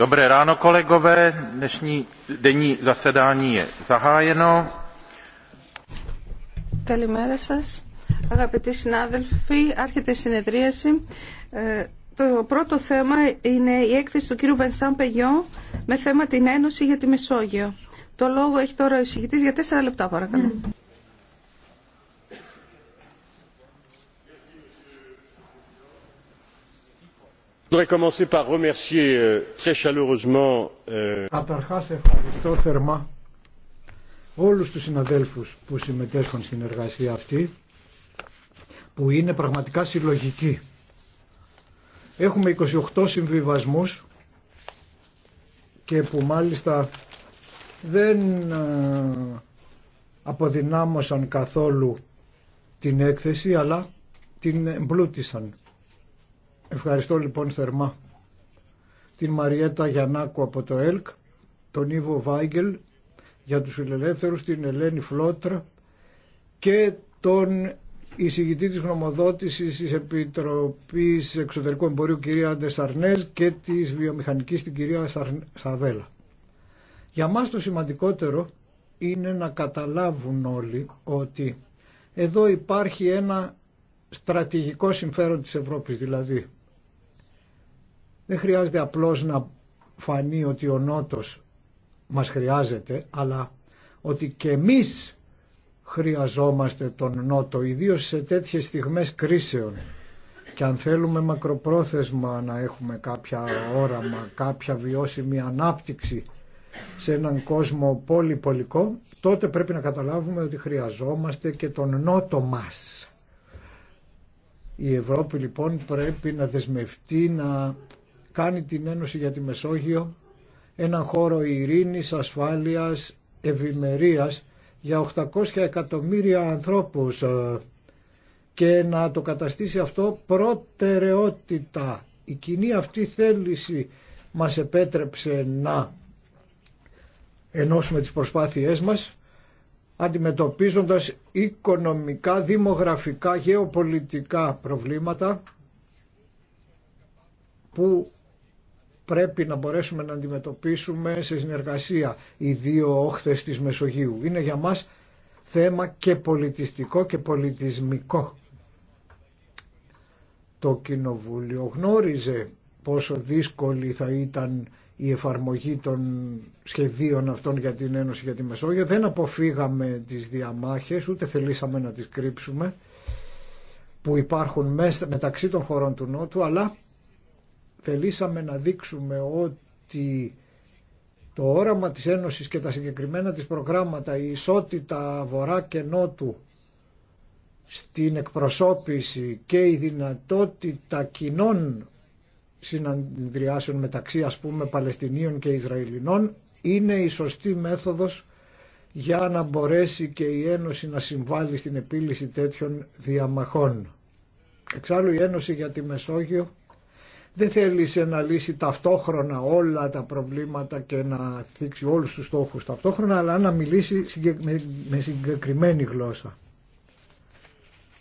Καλημέρα σας, αγαπητοί συνάδελφοι. Άρχεται η συνεδρίαση. Ε, το πρώτο θέμα είναι η έκθεση του κύριου Βενσάν Πεγιό με θέμα την Ένωση για τη Μεσόγειο. Το λόγο έχει τώρα ο εισηγητής για τέσσερα λεπτά, παρακαλώ. Mm. Euh, euh, Καταρχάς ευχαριστώ θερμά όλους του συναδέλφους που συμμετέχουν στην εργασία αυτή που είναι πραγματικά συλλογική. Έχουμε 28 συμβιβασμούς και που μάλιστα δεν ε, αποδυνάμωσαν καθόλου την έκθεση αλλά την εμπλούτησαν. Ευχαριστώ λοιπόν θερμά την Μαριέτα Γιαννάκου από το ΕΛΚ, τον Ιβο Βάγκελ για τους φιλελεύθερους, την Ελένη Φλότρα και τον εισηγητή της γνωμοδότησης της Επιτροπής Εξωτερικού Εμπορίου κυρία Αντεσαρνές και της βιομηχανικής την κυρία Σαβέλα. Για μας το σημαντικότερο είναι να καταλάβουν όλοι ότι εδώ υπάρχει ένα στρατηγικό συμφέρον της Ευρώπης δηλαδή δεν χρειάζεται απλώς να φανεί ότι ο Νότος μας χρειάζεται, αλλά ότι και εμείς χρειαζόμαστε τον Νότο, ιδίως σε τέτοιες στιγμές κρίσεων. Και αν θέλουμε μακροπρόθεσμα να έχουμε κάποια όραμα, κάποια βιώσιμη ανάπτυξη σε έναν κόσμο πολυπολικό, τότε πρέπει να καταλάβουμε ότι χρειαζόμαστε και τον Νότο μας. Η Ευρώπη λοιπόν πρέπει να δεσμευτεί να κάνει την Ένωση για τη Μεσόγειο έναν χώρο ειρήνης, ασφάλειας, ευημερίας για 800 εκατομμύρια ανθρώπους ε, και να το καταστήσει αυτό προτεραιότητα. Η κοινή αυτή θέληση μας επέτρεψε να ενώσουμε τις προσπάθειές μας αντιμετωπίζοντας οικονομικά, δημογραφικά, γεωπολιτικά προβλήματα που πρέπει να μπορέσουμε να αντιμετωπίσουμε σε συνεργασία οι δύο όχθες της Μεσογείου. Είναι για μας θέμα και πολιτιστικό και πολιτισμικό. Το Κοινοβούλιο γνώριζε πόσο δύσκολη θα ήταν η εφαρμογή των σχεδίων αυτών για την Ένωση για τη Μεσόγειο. Δεν αποφύγαμε τις διαμάχες, ούτε θελήσαμε να τις κρύψουμε, που υπάρχουν μεταξύ των χωρών του Νότου, αλλά θελήσαμε να δείξουμε ότι το όραμα της Ένωσης και τα συγκεκριμένα της προγράμματα, η ισότητα βορρά και νότου στην εκπροσώπηση και η δυνατότητα κοινών συναντριάσεων μεταξύ ας πούμε Παλαιστινίων και Ισραηλινών είναι η σωστή μέθοδος για να μπορέσει και η Ένωση να συμβάλλει στην επίλυση τέτοιων διαμαχών. Εξάλλου η Ένωση για τη Μεσόγειο δεν θέλησε να λύσει ταυτόχρονα όλα τα προβλήματα και να θίξει όλους τους στόχους ταυτόχρονα, αλλά να μιλήσει με συγκεκριμένη γλώσσα.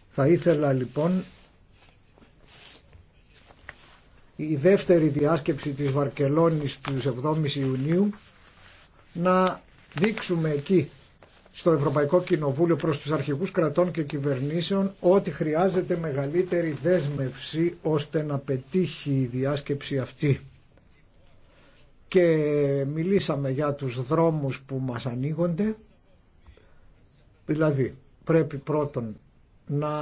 Θα ήθελα λοιπόν η δεύτερη διάσκεψη της Βαρκελόνης του 7 Ιουνίου να δείξουμε εκεί στο Ευρωπαϊκό Κοινοβούλιο προς τους αρχηγούς κρατών και κυβερνήσεων ότι χρειάζεται μεγαλύτερη δέσμευση ώστε να πετύχει η διάσκεψη αυτή. Και μιλήσαμε για τους δρόμους που μας ανοίγονται. Δηλαδή πρέπει πρώτον να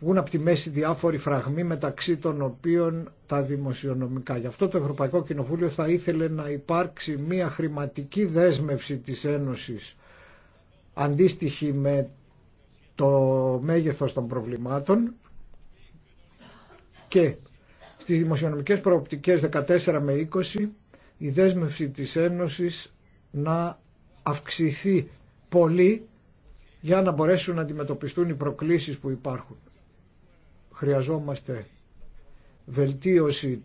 βγουν από τη μέση διάφοροι φραγμοί μεταξύ των οποίων τα δημοσιονομικά. Γι' αυτό το Ευρωπαϊκό Κοινοβούλιο θα ήθελε να υπάρξει μια χρηματική δέσμευση της Ένωσης αντίστοιχη με το μέγεθος των προβλημάτων και στις δημοσιονομικές προοπτικές 14 με 20 η δέσμευση της Ένωσης να αυξηθεί πολύ για να μπορέσουν να αντιμετωπιστούν οι προκλήσεις που υπάρχουν. Χρειαζόμαστε βελτίωση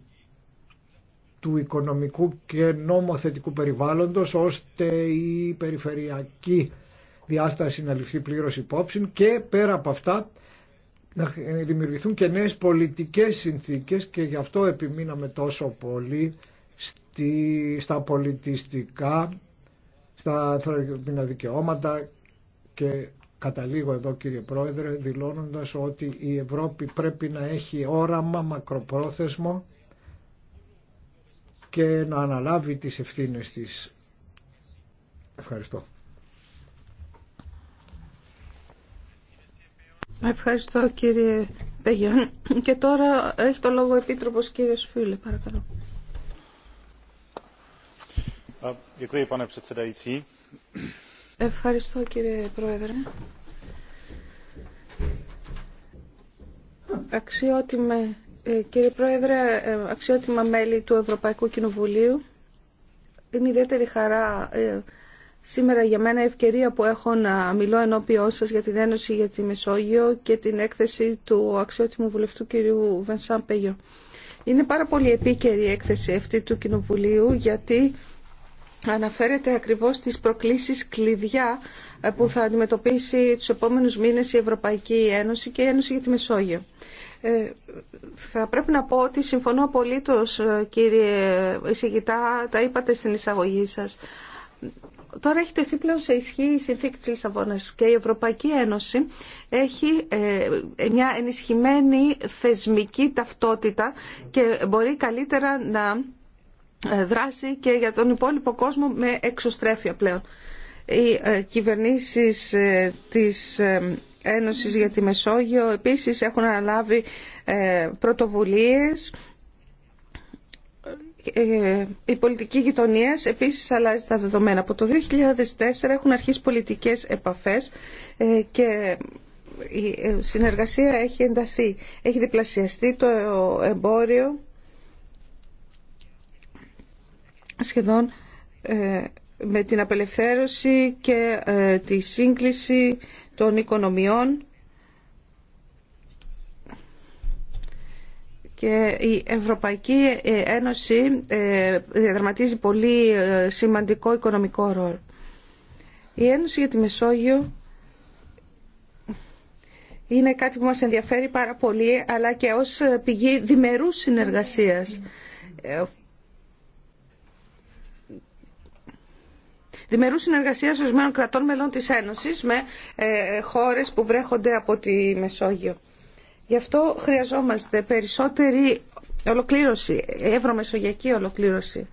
του οικονομικού και νομοθετικού περιβάλλοντος ώστε η περιφερειακή διάσταση να ληφθεί πλήρως υπόψη και πέρα από αυτά να δημιουργηθούν και νέες πολιτικές συνθήκες και γι' αυτό επιμείναμε τόσο πολύ στη, στα πολιτιστικά, στα ανθρώπινα δικαιώματα και Καταλήγω εδώ κύριε Πρόεδρε δηλώνοντας ότι η Ευρώπη πρέπει να έχει όραμα μακροπρόθεσμο και να αναλάβει τις ευθύνες της. Ευχαριστώ. Ευχαριστώ κύριε Πεγιόν. Και τώρα έχει το λόγο ο Επίτροπος κύριε Φίλε, παρακαλώ. Ευχαριστώ κύριε Πρόεδρε. Αξιότιμε, ε, κύριε Πρόεδρε, ε, αξιότιμα μέλη του Ευρωπαϊκού Κοινοβουλίου. Είναι ιδιαίτερη χαρά ε, σήμερα για μένα ευκαιρία που έχω να μιλώ ενώπιό σας για την Ένωση για τη Μεσόγειο και την έκθεση του αξιότιμου βουλευτού κυρίου Βενσάν Πέγιο. Είναι πάρα πολύ επίκαιρη η έκθεση αυτή του Κοινοβουλίου γιατί αναφέρεται ακριβώς στις προκλήσεις κλειδιά ε, που θα αντιμετωπίσει τους επόμενους μήνες η Ευρωπαϊκή Ένωση και η Ένωση για τη Μεσόγειο. Ε, θα πρέπει να πω ότι συμφωνώ απολύτως ε, κύριε εισηγητά, τα είπατε στην εισαγωγή σας. Τώρα έχει τεθεί πλέον σε ισχύ η συνθήκη της Λισαβόνας και η Ευρωπαϊκή Ένωση έχει μια ενισχυμένη θεσμική ταυτότητα και μπορεί καλύτερα να ε, δράση και για τον υπόλοιπο κόσμο με εξωστρέφεια πλέον. Οι ε, κυβερνήσεις ε, της Ένωσης για τη Μεσόγειο επίσης έχουν αναλάβει πρωτοβουλίες. Η πολιτική γειτονία επίσης αλλάζει τα δεδομένα. Από το 2004 έχουν αρχίσει πολιτικές επαφές και η συνεργασία έχει ενταθεί. Έχει διπλασιαστεί το εμπόριο σχεδόν ε, με την απελευθέρωση και ε, τη σύγκληση των οικονομιών και η Ευρωπαϊκή ε, Ένωση διαδραματίζει πολύ σημαντικό οικονομικό ρόλο. Η Ένωση για τη Μεσόγειο είναι κάτι που μας ενδιαφέρει πάρα πολύ αλλά και ως πηγή διμερούς συνεργασίας δημερού συνεργασία ορισμένων κρατών μελών της Ένωσης με ε, χώρες που βρέχονται από τη Μεσόγειο. Γι' αυτό χρειαζόμαστε περισσότερη ολοκλήρωση, ευρωμεσογειακή ολοκλήρωση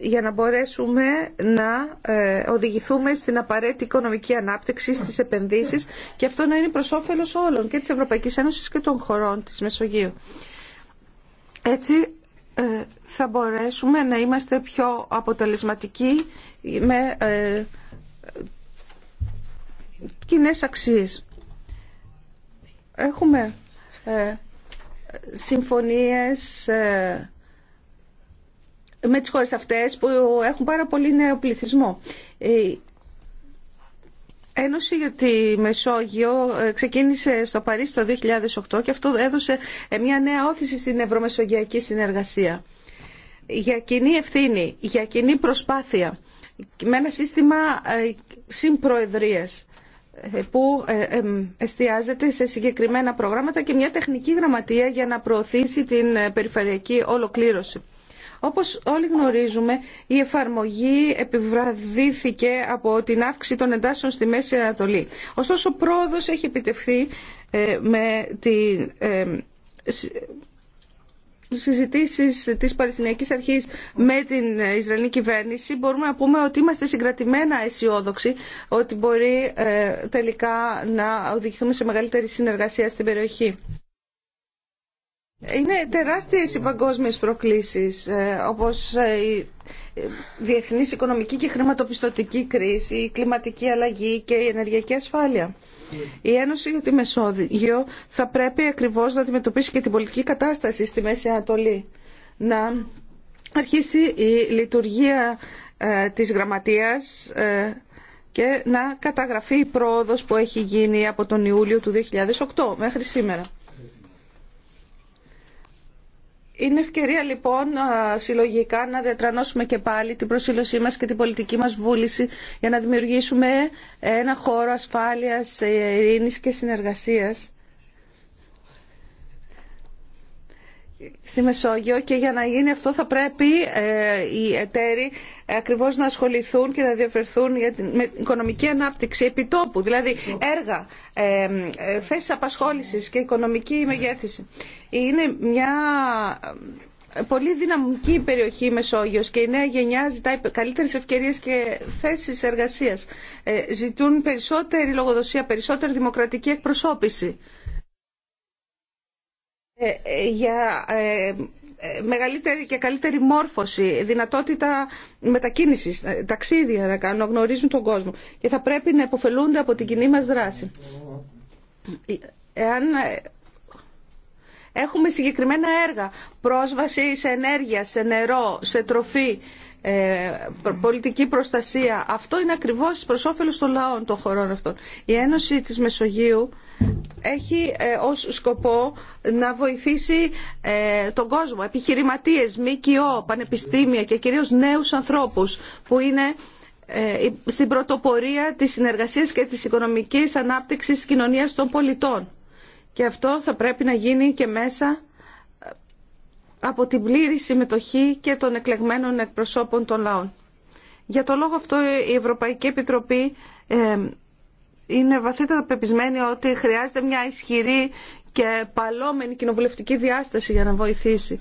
για να μπορέσουμε να ε, οδηγηθούμε στην απαραίτητη οικονομική ανάπτυξη, στι επενδύσει, και αυτό να είναι προ όφελο όλων και τη Ευρωπαϊκή Ένωση και των χωρών τη Μεσογείου. Έτσι ε, θα μπορέσουμε να είμαστε πιο αποτελεσματικοί με ε, κοινέ αξίες. Έχουμε ε, συμφωνίες ε, με τις χώρες αυτές που έχουν πάρα πολύ νέο πληθυσμό. Ε, Ένωση για τη Μεσόγειο ε, ξεκίνησε στο Παρίσι το 2008 και αυτό έδωσε ε, μια νέα όθηση στην ευρωμεσογειακή συνεργασία. Για κοινή ευθύνη, για κοινή προσπάθεια, με ένα σύστημα ε, συμπροεδρίας που εστιάζεται σε συγκεκριμένα προγράμματα και μια τεχνική γραμματεία για να προωθήσει την περιφερειακή ολοκλήρωση. Όπως όλοι γνωρίζουμε, η εφαρμογή επιβραδύθηκε από την αύξηση των εντάσεων στη Μέση Ανατολή. Ωστόσο, ο πρόοδος έχει επιτευχθεί ε, με την ε, συζητήσει της Παλαιστινιακή Αρχής με την Ισραηλινή κυβέρνηση μπορούμε να πούμε ότι είμαστε συγκρατημένα αισιόδοξοι ότι μπορεί ε, τελικά να οδηγηθούμε σε μεγαλύτερη συνεργασία στην περιοχή. Είναι τεράστιες οι παγκόσμιες προκλήσεις, ε, όπως ε, η ε, διεθνής οικονομική και χρηματοπιστωτική κρίση, η κλιματική αλλαγή και η ενεργειακή ασφάλεια. Η Ένωση για τη Μεσόγειο θα πρέπει ακριβώς να αντιμετωπίσει και την πολιτική κατάσταση στη Μέση Ανατολή. Να αρχίσει η λειτουργία της γραμματείας και να καταγραφεί η πρόοδος που έχει γίνει από τον Ιούλιο του 2008 μέχρι σήμερα. Είναι ευκαιρία λοιπόν συλλογικά να διατρανώσουμε και πάλι την προσήλωσή μας και την πολιτική μας βούληση για να δημιουργήσουμε ένα χώρο ασφάλειας, ε, ειρήνης και συνεργασίας στη Μεσόγειο και για να γίνει αυτό θα πρέπει ε, οι εταίροι ακριβώς να ασχοληθούν και να διαφερθούν με την οικονομική ανάπτυξη επιτόπου, δηλαδή έργα, ε, ε, θέσεις απασχόλησης και οικονομική μεγέθηση. Είναι μια πολύ δυναμική περιοχή η Μεσόγειος και η νέα γενιά ζητάει καλύτερες ευκαιρίες και θέσεις εργασίας. Ζητούν περισσότερη λογοδοσία, περισσότερη δημοκρατική εκπροσώπηση. Ε, ε, για ε, μεγαλύτερη και καλύτερη μόρφωση, δυνατότητα μετακίνησης, ταξίδια να κάνουν, γνωρίζουν τον κόσμο και θα πρέπει να υποφελούνται από την κοινή μας δράση. Εάν έχουμε συγκεκριμένα έργα, πρόσβαση σε ενέργεια, σε νερό, σε τροφή, πολιτική προστασία, αυτό είναι ακριβώς προς όφελος των λαών των χωρών αυτών. Η Ένωση της Μεσογείου έχει ε, ως σκοπό να βοηθήσει ε, τον κόσμο, επιχειρηματίες, ΜΚΟ, πανεπιστήμια και κυρίως νέους ανθρώπους που είναι ε, στην πρωτοπορία της συνεργασίας και της οικονομικής ανάπτυξης κοινωνίας των πολιτών. Και αυτό θα πρέπει να γίνει και μέσα από την πλήρη συμμετοχή και των εκλεγμένων εκπροσώπων των λαών. Για το λόγο αυτό η Ευρωπαϊκή Επιτροπή είναι βαθύτερα πεπισμένη ότι χρειάζεται μια ισχυρή και παλόμενη κοινοβουλευτική διάσταση για να βοηθήσει.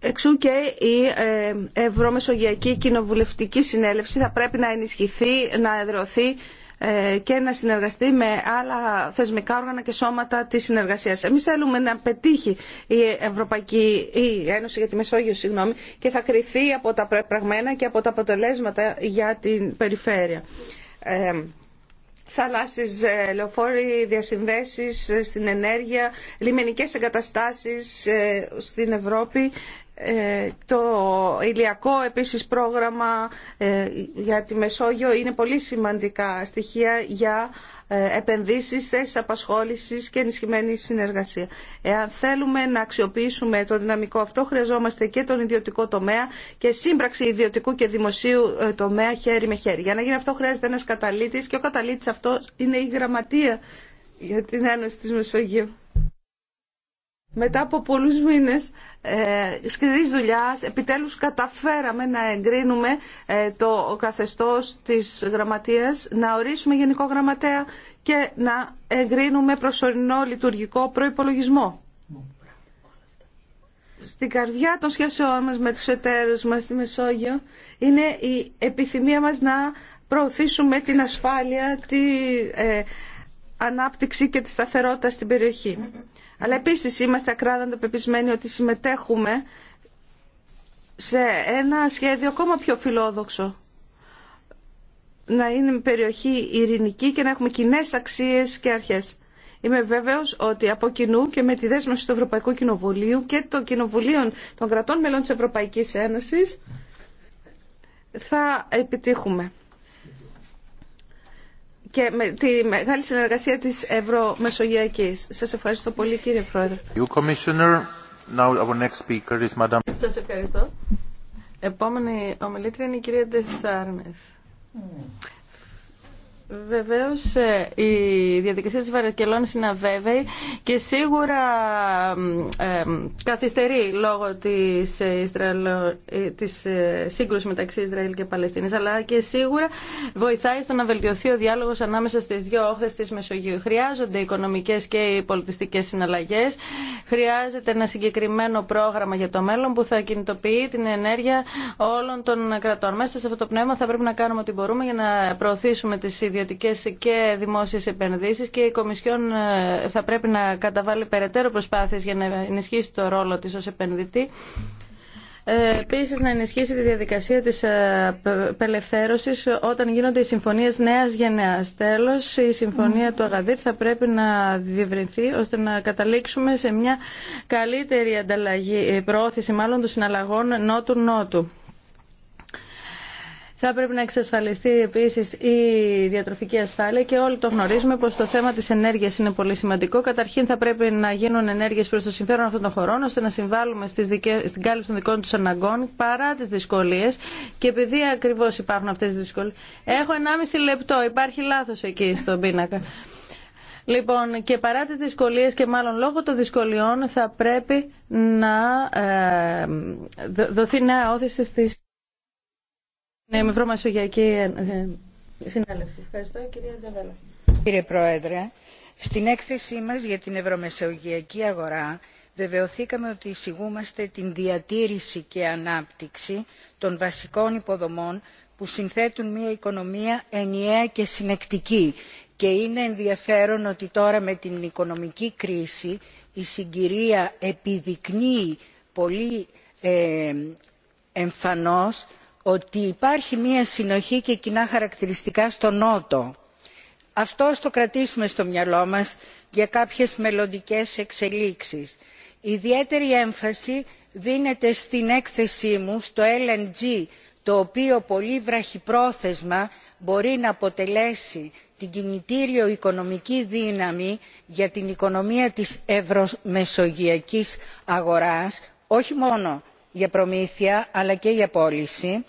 Εξού και η ε, Ευρωμεσογειακή Κοινοβουλευτική Συνέλευση θα πρέπει να ενισχυθεί, να εδρεωθεί ε, και να συνεργαστεί με άλλα θεσμικά όργανα και σώματα τη συνεργασίας. Εμείς θέλουμε να πετύχει η Ευρωπαϊκή Ένωση για τη Μεσόγειο συγγνώμη, και θα κρυθεί από τα πραγμένα και από τα αποτελέσματα για την περιφέρεια. Ε, ε λεωφόροι, διασυνδέσεις ε, στην ενέργεια, λιμενικές εγκαταστάσεις στην Ευρώπη ε, το ηλιακό επίσης πρόγραμμα ε, για τη Μεσόγειο είναι πολύ σημαντικά στοιχεία για ε, επενδύσεις, θέσει απασχόλησης και ενισχυμένη συνεργασία. Εάν θέλουμε να αξιοποιήσουμε το δυναμικό αυτό, χρειαζόμαστε και τον ιδιωτικό τομέα και σύμπραξη ιδιωτικού και δημοσίου τομέα χέρι με χέρι. Για να γίνει αυτό χρειάζεται ένας καταλήτης και ο καταλήτης αυτό είναι η γραμματεία για την Ένωση της Μεσογείου μετά από πολλούς μήνες ε, σκληρής δουλειάς επιτέλους καταφέραμε να εγκρίνουμε ε, το καθεστώς της γραμματείας, να ορίσουμε γενικό γραμματέα και να εγκρίνουμε προσωρινό λειτουργικό προϋπολογισμό. Στην καρδιά των σχέσεών μας με τους εταίρους μας στη Μεσόγειο είναι η επιθυμία μας να προωθήσουμε την ασφάλεια, την ε, ανάπτυξη και τη σταθερότητα στην περιοχή. Αλλά επίσης είμαστε ακράδαντα πεπισμένοι ότι συμμετέχουμε σε ένα σχέδιο ακόμα πιο φιλόδοξο. Να είναι περιοχή ειρηνική και να έχουμε κοινέ αξίες και αρχές. Είμαι βέβαιος ότι από κοινού και με τη δέσμευση του Ευρωπαϊκού Κοινοβουλίου και των Κοινοβουλίων των κρατών μελών της Ευρωπαϊκής Ένωσης θα επιτύχουμε και με τη μεγάλη συνεργασία της Ευρωμεσογειακής. Σας ευχαριστώ πολύ κύριε Πρόεδρε. You, Commissioner. Now our next Σας ευχαριστώ. Επόμενη ομιλήτρια είναι η κυρία Ντεσάρνες. Mm. Βεβαίω, ε, η διαδικασία τη Βαρκελόνη είναι αβέβαιη και σίγουρα ε, καθυστερεί λόγω της, ε, σύγκρουση ε, της σύγκρουσης μεταξύ Ισραήλ και Παλαιστινή, αλλά και σίγουρα βοηθάει στο να βελτιωθεί ο διάλογο ανάμεσα στι δύο όχθε τη Μεσογείου. Χρειάζονται οικονομικέ και οι πολιτιστικές συναλλαγές. Χρειάζεται ένα συγκεκριμένο πρόγραμμα για το μέλλον που θα κινητοποιεί την ενέργεια όλων των κρατών. Μέσα σε αυτό το πνεύμα θα πρέπει να κάνουμε ό,τι μπορούμε για να προωθήσουμε τι ιδιωτικές και δημόσιες επενδύσεις και η Κομισιόν ε, θα πρέπει να καταβάλει περαιτέρω προσπάθειες για να ενισχύσει το ρόλο της ως επενδυτή ε, Επίση, να ενισχύσει τη διαδικασία τη ε, απελευθέρωση όταν γίνονται οι συμφωνίε νέα γενναία. Τέλο, η συμφωνία του Αγαδίρ θα πρέπει να διευρυνθεί ώστε να καταλήξουμε σε μια καλύτερη ανταλλαγή, προώθηση μάλλον των συναλλαγών νότου-νότου. Θα πρέπει να εξασφαλιστεί επίση η διατροφική ασφάλεια και όλοι το γνωρίζουμε πω το θέμα τη ενέργεια είναι πολύ σημαντικό. Καταρχήν θα πρέπει να γίνουν ενέργειε προ το συμφέρον αυτών των χωρών ώστε να συμβάλλουμε στις δικαι... στην κάλυψη των δικών του αναγκών παρά τι δυσκολίε και επειδή ακριβώ υπάρχουν αυτέ τι δυσκολίε. Έχω 1,5 λεπτό, υπάρχει λάθο εκεί στον πίνακα. Λοιπόν, και παρά τις δυσκολίες και μάλλον λόγω των δυσκολιών θα πρέπει να ε, δοθεί νέα όθηση στις... Ναι, με ευρωμεσογειακή ε, ε, συνέλευση. Ευχαριστώ, κυρία Τζαβέλα. Κύριε Πρόεδρε, στην έκθεσή μας για την ευρωμεσογειακή αγορά βεβαιωθήκαμε ότι εισηγούμαστε την διατήρηση και ανάπτυξη των βασικών υποδομών που συνθέτουν μια οικονομία ενιαία και συνεκτική και είναι ενδιαφέρον ότι τώρα με την οικονομική κρίση η συγκυρία επιδεικνύει πολύ ε, εμφανώς ότι υπάρχει μια συνοχή και κοινά χαρακτηριστικά στο νότο. αυτό ας το κρατήσουμε στο μυαλό μας για κάποιες μελλοντικές εξελίξεις. ιδιαίτερη έμφαση δίνεται στην έκθεσή μου στο lng το οποίο πολύ βραχυπρόθεσμα μπορεί να αποτελέσει την κινητήριο οικονομική δύναμη για την οικονομία της ευρωμεσογειακής αγοράς όχι μόνο για προμήθεια αλλά και για πώληση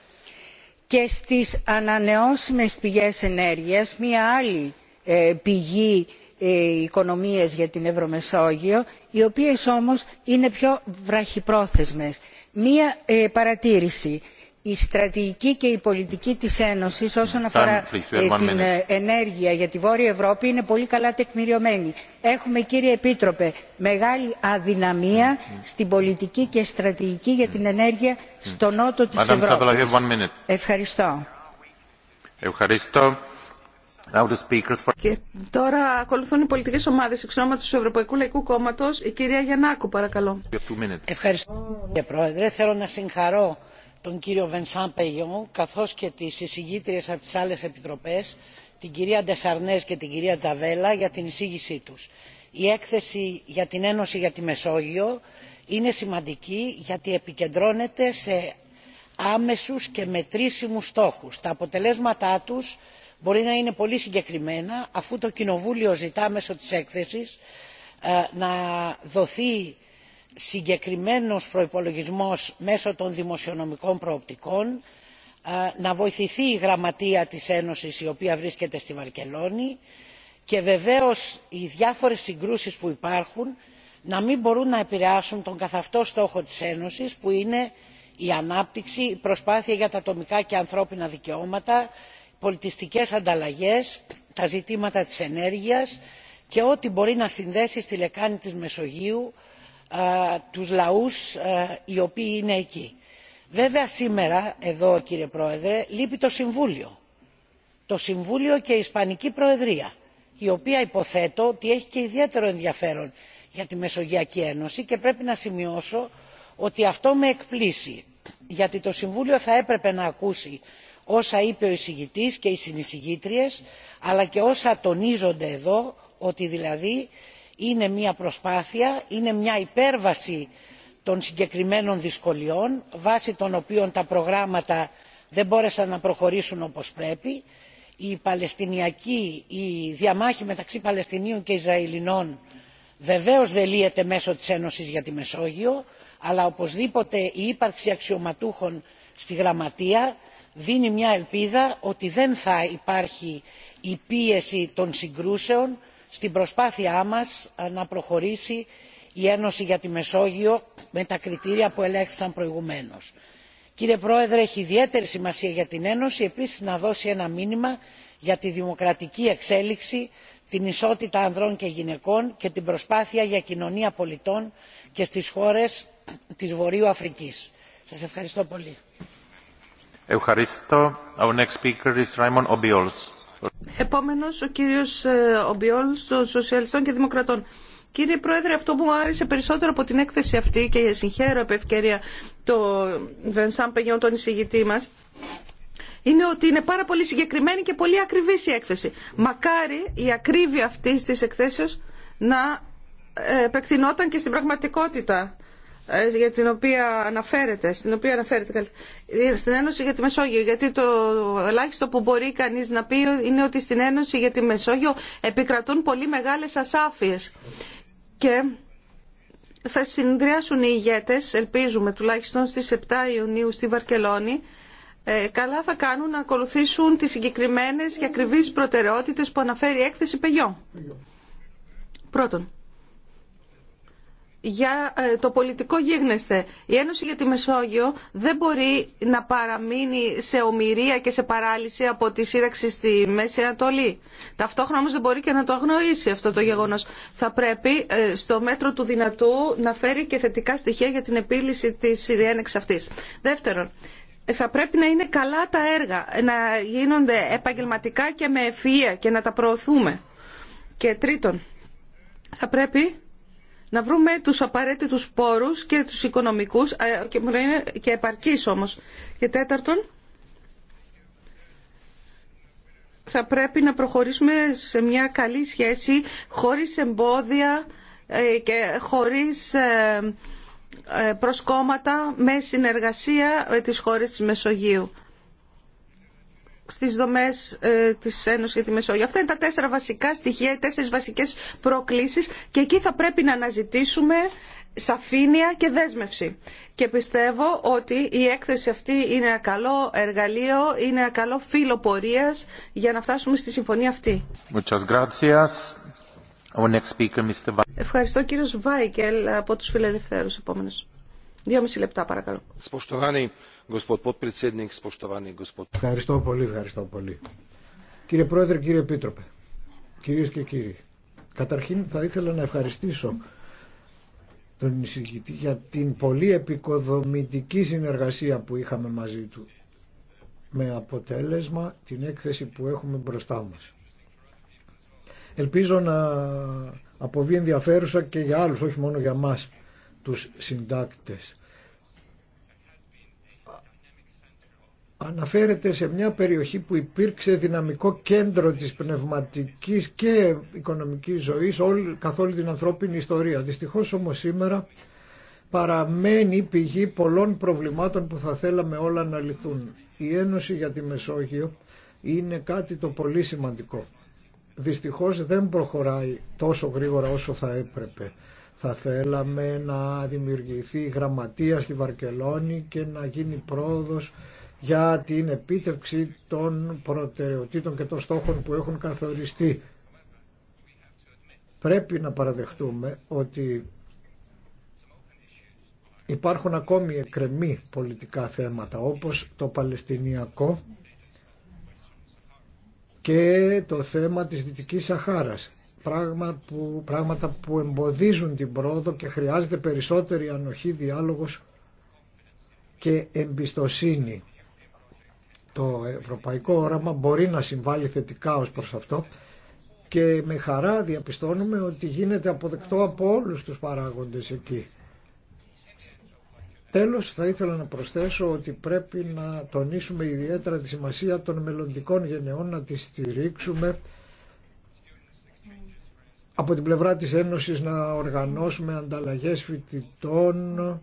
και στις ανανεώσιμες πηγές ενέργειας μια άλλη ε, πηγή ε, οικονομίας για την ευρωμεσόγειο οι οποίες όμως είναι πιο βραχυπρόθεσμες. μια ε, παρατήρηση η στρατηγική και η πολιτική της Ένωσης όσον αφορά ε, την ε, ενέργεια για τη Βόρεια Ευρώπη είναι πολύ καλά τεκμηριωμένη. Έχουμε, κύριε Επίτροπε, μεγάλη αδυναμία mm-hmm. στην πολιτική και στρατηγική για την mm-hmm. ενέργεια mm-hmm. στο νότο της Ευρώπης. Ευχαριστώ. Ευχαριστώ. Και τώρα ακολουθούν οι πολιτικές ομάδες εξ του Ευρωπαϊκού Λαϊκού Κόμματος. Η κυρία Γιαννάκου, παρακαλώ. Ευχαριστώ, κύριε Πρόεδρε. Θέλω να συγχαρώ τον κύριο Βενσάν Πεγιόν καθώς και τις εισηγήτριες από τις άλλες επιτροπές, την κυρία Ντεσαρνές και την κυρία Τζαβέλα για την εισήγησή τους. Η έκθεση για την Ένωση για τη Μεσόγειο είναι σημαντική γιατί επικεντρώνεται σε άμεσους και μετρήσιμους στόχους. Τα αποτελέσματά τους μπορεί να είναι πολύ συγκεκριμένα αφού το Κοινοβούλιο ζητά μέσω της έκθεσης ε, να δοθεί συγκεκριμένος προϋπολογισμός μέσω των δημοσιονομικών προοπτικών να βοηθηθεί η γραμματεία της ένωσης η οποία βρίσκεται στη Βαρκελόνη και βεβαίως οι διάφορες συγκρούσεις που υπάρχουν να μην μπορούν να επηρεάσουν τον καθαυτό στόχο της ένωσης που είναι η ανάπτυξη η προσπάθεια για τα ατομικά και ανθρώπινα δικαιώματα πολιτιστικές ανταλλαγές τα ζητήματα της ενέργειας και ό,τι μπορεί να συνδέσει στη λεκάνη της μεσογείου τους λαούς οι οποίοι είναι εκεί. Βέβαια σήμερα εδώ κύριε Πρόεδρε λείπει το Συμβούλιο. Το Συμβούλιο και η Ισπανική Προεδρία η οποία υποθέτω ότι έχει και ιδιαίτερο ενδιαφέρον για τη Μεσογειακή Ένωση και πρέπει να σημειώσω ότι αυτό με εκπλήσει γιατί το Συμβούλιο θα έπρεπε να ακούσει όσα είπε ο εισηγητής και οι συνεισηγήτριες αλλά και όσα τονίζονται εδώ ότι δηλαδή είναι μια προσπάθεια είναι μια υπέρβαση των συγκεκριμένων δυσκολιών βάσει των οποίων τα προγράμματα δεν μπόρεσαν να προχωρήσουν όπως πρέπει. η, διαμάχη μεταξύ παλαιστινίων και ισραηλινών βεβαίως δεν λύεται μέσω της ένωσης για τη μεσόγειο αλλά οπωσδήποτε η ύπαρξη αξιωματούχων στη γραμματεία δίνει μια ελπίδα ότι δεν θα υπάρχει η πίεση των συγκρούσεων στην προσπάθειά μας ε, να προχωρήσει η ένωση για τη μεσόγειο με τα κριτήρια που ελέγχθησαν προηγουμένως. κύριε πρόεδρε έχει ιδιαίτερη σημασία για την ένωση επίσης να δώσει ένα μήνυμα για τη δημοκρατική εξέλιξη την ισότητα ανδρών και γυναικών και την προσπάθεια για κοινωνία πολιτών και στις χώρες της βορείου αφρικής. σας ευχαριστώ πολύ. Επόμενος ο κύριος ε, Ομπιόλ των Σοσιαλιστών και Δημοκρατών. Κύριε Πρόεδρε, αυτό που μου άρεσε περισσότερο από την έκθεση αυτή και συγχαίρω επ' ευκαιρία το Βενσάν σάμπεγιον τον εισηγητή μας, είναι ότι είναι πάρα πολύ συγκεκριμένη και πολύ ακριβής η έκθεση. Μακάρι η ακρίβεια αυτή της εκθέσεως να ε, επεκτηνόταν και στην πραγματικότητα. Ε, για την οποία αναφέρεται, στην οποία αναφέρεται ε, στην Ένωση για τη Μεσόγειο, γιατί το ελάχιστο που μπορεί κανείς να πει είναι ότι στην Ένωση για τη Μεσόγειο επικρατούν πολύ μεγάλες ασάφειες και θα συνδυάσουν οι ηγέτες, ελπίζουμε τουλάχιστον στις 7 Ιουνίου στη Βαρκελόνη, ε, καλά θα κάνουν να ακολουθήσουν τις συγκεκριμένες και ακριβείς προτεραιότητες που αναφέρει η έκθεση Πεγιό. Πρώτον, για ε, το πολιτικό γίγνεσθε. Η Ένωση για τη Μεσόγειο δεν μπορεί να παραμείνει σε ομοιρία και σε παράλυση από τη σύραξη στη Μέση Ανατολή. Ταυτόχρονα όμως δεν μπορεί και να το αγνοήσει αυτό το γεγονός. Θα πρέπει ε, στο μέτρο του δυνατού να φέρει και θετικά στοιχεία για την επίλυση της διένεξης αυτής. Δεύτερον, θα πρέπει να είναι καλά τα έργα, να γίνονται επαγγελματικά και με ευφυΐα και να τα προωθούμε. Και τρίτον, θα πρέπει να βρούμε τους απαραίτητους πόρους και τους οικονομικούς ε, και επαρκείς όμως. Και τέταρτον, θα πρέπει να προχωρήσουμε σε μια καλή σχέση χωρίς εμπόδια ε, και χωρίς ε, προσκόμματα με συνεργασία με τις χώρες της Μεσογείου στις δομές ε, της Ένωσης και τη Μεσόγειο. Αυτά είναι τα τέσσερα βασικά στοιχεία, οι τέσσερις βασικές προκλήσεις και εκεί θα πρέπει να αναζητήσουμε σαφήνεια και δέσμευση. Και πιστεύω ότι η έκθεση αυτή είναι ένα καλό εργαλείο, είναι ένα καλό φύλλο πορείας για να φτάσουμε στη συμφωνία αυτή. Ευχαριστώ κύριος Βάικελ από τους φιλελευθερού Δύο μισή λεπτά παρακαλώ. Ευχαριστώ πολύ, ευχαριστώ πολύ. Κύριε Πρόεδρε, κύριε Επίτροπε, κυρίες και κύριοι, καταρχήν θα ήθελα να ευχαριστήσω τον εισηγητή για την πολύ επικοδομητική συνεργασία που είχαμε μαζί του με αποτέλεσμα την έκθεση που έχουμε μπροστά μας. Ελπίζω να αποβεί ενδιαφέρουσα και για άλλους, όχι μόνο για μας, τους συντάκτες. αναφέρεται σε μια περιοχή που υπήρξε δυναμικό κέντρο της πνευματικής και οικονομικής ζωής όλη, καθ' όλη την ανθρώπινη ιστορία. Δυστυχώς όμως σήμερα παραμένει πηγή πολλών προβλημάτων που θα θέλαμε όλα να λυθούν. Η Ένωση για τη Μεσόγειο είναι κάτι το πολύ σημαντικό. Δυστυχώς δεν προχωράει τόσο γρήγορα όσο θα έπρεπε. Θα θέλαμε να δημιουργηθεί γραμματεία στη Βαρκελόνη και να γίνει πρόοδος για την επίτευξη των προτεραιοτήτων και των στόχων που έχουν καθοριστεί. Πρέπει να παραδεχτούμε ότι υπάρχουν ακόμη εκκρεμή πολιτικά θέματα όπως το Παλαιστινιακό και το θέμα της Δυτικής Σαχάρας. Πράγμα που, πράγματα που εμποδίζουν την πρόοδο και χρειάζεται περισσότερη ανοχή, διάλογος και εμπιστοσύνη το ευρωπαϊκό όραμα μπορεί να συμβάλλει θετικά ως προς αυτό και με χαρά διαπιστώνουμε ότι γίνεται αποδεκτό από όλους τους παράγοντες εκεί. Τέλος θα ήθελα να προσθέσω ότι πρέπει να τονίσουμε ιδιαίτερα τη σημασία των μελλοντικών γενεών να τη στηρίξουμε από την πλευρά της Ένωσης να οργανώσουμε ανταλλαγές φοιτητών,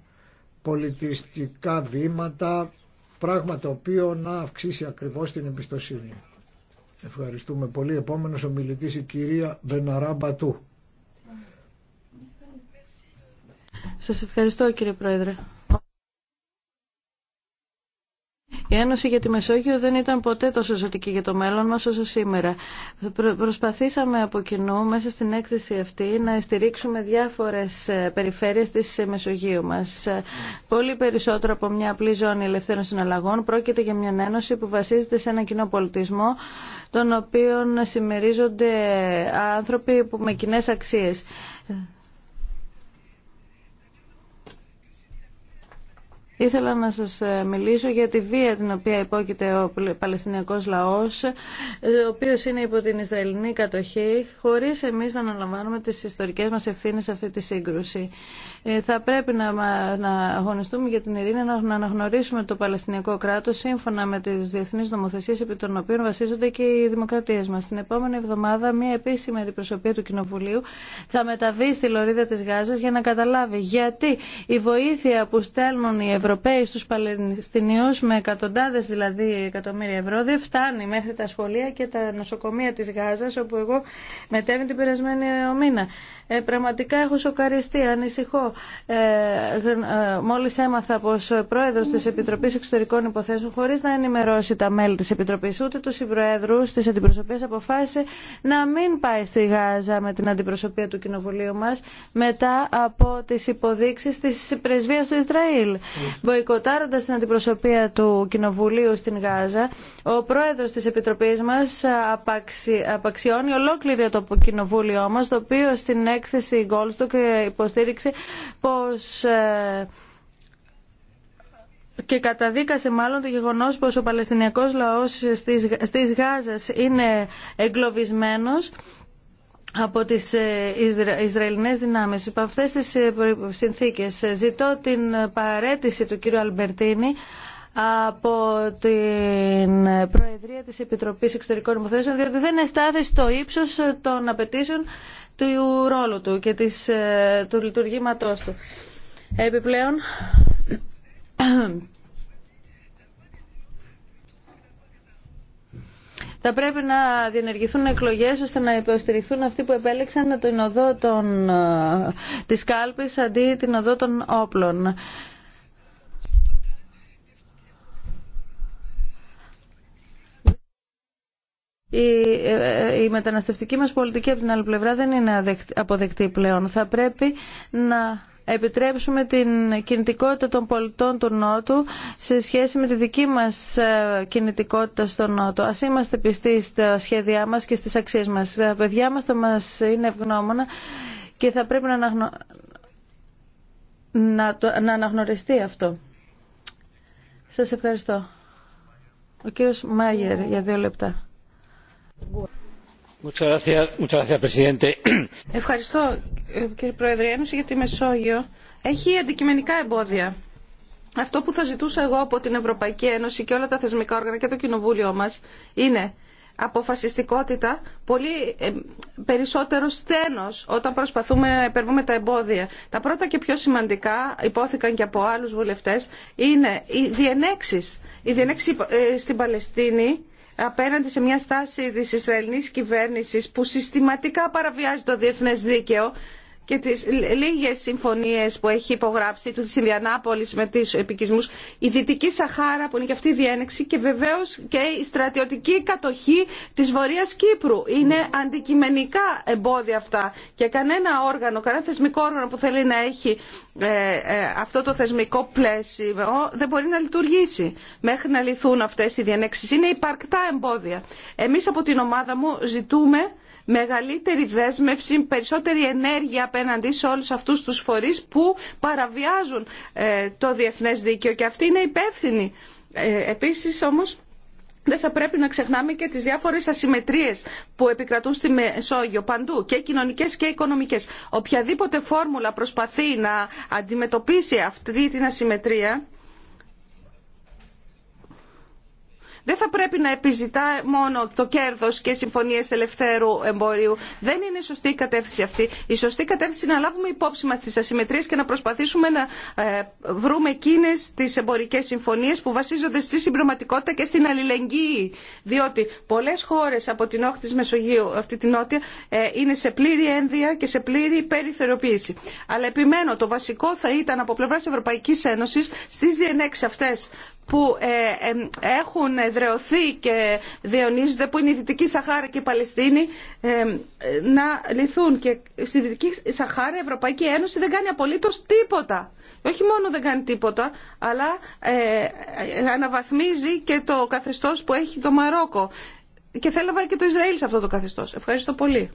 πολιτιστικά βήματα, πράγμα το οποίο να αυξήσει ακριβώς την εμπιστοσύνη. Ευχαριστούμε πολύ. Επόμενος ομιλητής η κυρία Βεναρά Μπατού. Σας ευχαριστώ κύριε Πρόεδρε. Η Ένωση για τη Μεσόγειο δεν ήταν ποτέ τόσο ζωτική για το μέλλον μας όσο σήμερα. προσπαθήσαμε από κοινού μέσα στην έκθεση αυτή να στηρίξουμε διάφορες ε, περιφέρειες της Μεσογείου μας. Πολύ περισσότερο από μια απλή ζώνη ελευθέρων συναλλαγών πρόκειται για μια ένωση που βασίζεται σε ένα κοινό πολιτισμό τον οποίο συμμερίζονται άνθρωποι που με κοινέ αξίες. Ήθελα να σας ε, μιλήσω για τη βία την οποία υπόκειται ο Παλαιστινιακός λαός, ε, ο οποίος είναι υπό την Ισραηλινή κατοχή, χωρίς εμείς να αναλαμβάνουμε τις ιστορικές μας ευθύνες σε αυτή τη σύγκρουση. Ε, θα πρέπει να, να αγωνιστούμε για την ειρήνη, να αναγνωρίσουμε το Παλαιστινιακό κράτος σύμφωνα με τις διεθνείς νομοθεσίες επί των οποίων βασίζονται και οι δημοκρατίες μας. Την επόμενη εβδομάδα μια επίσημη αντιπροσωπεία του Κοινοβουλίου θα μεταβεί στη Λωρίδα της Γάζας για να καταλάβει γιατί η βοήθεια που στέλνουν οι Ευρωπαίοι στους Παλαιστινίους με εκατοντάδες δηλαδή εκατομμύρια ευρώ δεν φτάνει μέχρι τα σχολεία και τα νοσοκομεία της Γάζας όπου εγώ μετέβη την περασμένη μήνα. Ε, πραγματικά έχω σοκαριστεί, ανησυχώ. Ε, ε μόλις έμαθα πως ο πρόεδρος της Επιτροπής Εξωτερικών Υποθέσεων χωρίς να ενημερώσει τα μέλη της Επιτροπής ούτε τους συμπροέδρους τη αντιπροσωπείας αποφάσισε να μην πάει στη Γάζα με την αντιπροσωπεία του Κοινοβουλίου μας μετά από τις υποδείξεις της πρεσβείας του Ισραήλ. Mm. Βοηκοτάροντας την αντιπροσωπεία του Κοινοβουλίου στην Γάζα, ο πρόεδρος της Επιτροπής μας απαξι... απαξιώνει ολόκληρη το Κοινοβούλιο μας, το οποίο στην έκθεση Γκόλστοκ υποστήριξε πως ε, και καταδίκασε μάλλον το γεγονός πως ο Παλαιστινιακός λαός στις, στις είναι εγκλωβισμένος από τις ε, Ισραηλινές δυνάμεις. Υπό αυτές τις ε, συνθήκες ε, ζητώ την παρέτηση του κύριου Αλμπερτίνη από την Προεδρία της Επιτροπής Εξωτερικών Υποθέσεων διότι δεν εστάθη στο ύψος των απαιτήσεων του ρόλου του και της, του λειτουργήματός του. Επιπλέον, Θα πρέπει να διενεργηθούν εκλογές ώστε να υποστηριχθούν αυτοί που επέλεξαν την οδό των, ε, της αντί την οδό των όπλων. Ε, η, μεταναστευτική μας πολιτική από την άλλη πλευρά δεν είναι αποδεκτή πλέον. Θα πρέπει να επιτρέψουμε την κινητικότητα των πολιτών του Νότου σε σχέση με τη δική μας ε, κινητικότητα στο Νότο. Ας είμαστε πιστοί στα σχέδιά μας και στις αξίες μας. Τα παιδιά μας θα μας είναι ευγνώμονα και θα πρέπει να, να αναγνωριστεί αυτό. Σας ευχαριστώ. Ο κύριος Μάγερ για δύο λεπτά. Ευχαριστώ κύριε Πρόεδρε, η Ένωση για τη Μεσόγειο έχει αντικειμενικά εμπόδια. Αυτό που θα ζητούσα εγώ από την Ευρωπαϊκή Ένωση και όλα τα θεσμικά όργανα και το Κοινοβούλιο μας είναι αποφασιστικότητα, πολύ ε, περισσότερο στένος όταν προσπαθούμε να υπερβούμε τα εμπόδια. Τα πρώτα και πιο σημαντικά, υπόθηκαν και από άλλους βουλευτές, είναι οι διενέξεις. Η διενέξη ε, στην Παλαιστίνη απέναντι σε μια στάση της Ισραηλινής κυβέρνησης που συστηματικά παραβιάζει το διεθνές δίκαιο και τις λίγες συμφωνίες που έχει υπογράψει του της Ινδιανάπολης με τις επικισμούς, η Δυτική Σαχάρα που είναι και αυτή η διένεξη και βεβαίως και η στρατιωτική κατοχή της Βορείας Κύπρου. Είναι αντικειμενικά εμπόδια αυτά και κανένα όργανο, κανένα θεσμικό όργανο που θέλει να έχει ε, ε, αυτό το θεσμικό πλαίσιο δεν μπορεί να λειτουργήσει μέχρι να λυθούν αυτές οι διενέξεις. Είναι υπαρκτά εμπόδια. Εμείς από την ομάδα μου ζητούμε μεγαλύτερη δέσμευση, περισσότερη ενέργεια απέναντι σε όλους αυτούς τους φορείς που παραβιάζουν ε, το διεθνές δίκαιο και αυτοί είναι υπεύθυνοι. Ε, επίσης όμως δεν θα πρέπει να ξεχνάμε και τις διάφορες ασυμμετρίες που επικρατούν στη Μεσόγειο παντού και κοινωνικές και οικονομικές. Οποιαδήποτε φόρμουλα προσπαθεί να αντιμετωπίσει αυτή την ασυμμετρία δεν θα πρέπει να επιζητά μόνο το κέρδο και συμφωνίε ελευθέρου εμπορίου. Δεν είναι σωστή η κατεύθυνση αυτή. Η σωστή κατεύθυνση είναι να λάβουμε υπόψη μα τι ασυμμετρίε και να προσπαθήσουμε να ε, βρούμε εκείνε τι εμπορικέ συμφωνίε που βασίζονται στη συμπροματικότητα και στην αλληλεγγύη. Διότι πολλέ χώρε από την όχθη της Μεσογείου, αυτή την νότια, ε, είναι σε πλήρη ένδια και σε πλήρη περιθωριοποίηση. Αλλά επιμένω, το βασικό θα ήταν από πλευρά Ευρωπαϊκή Ένωση στι διενέξει αυτέ που ε, έχουν εδρεωθεί και διονύζονται, που είναι η Δυτική Σαχάρα και η Παλαιστίνη, να λυθούν. Και στη Δυτική Σαχάρα η Ευρωπαϊκή Ένωση δεν κάνει απολύτω τίποτα. Όχι μόνο δεν κάνει τίποτα, αλλά ε, αναβαθμίζει και το καθεστώ που έχει το Μαρόκο. Και θέλω να βάλει και το Ισραήλ σε αυτό το καθεστώ. Ευχαριστώ πολύ.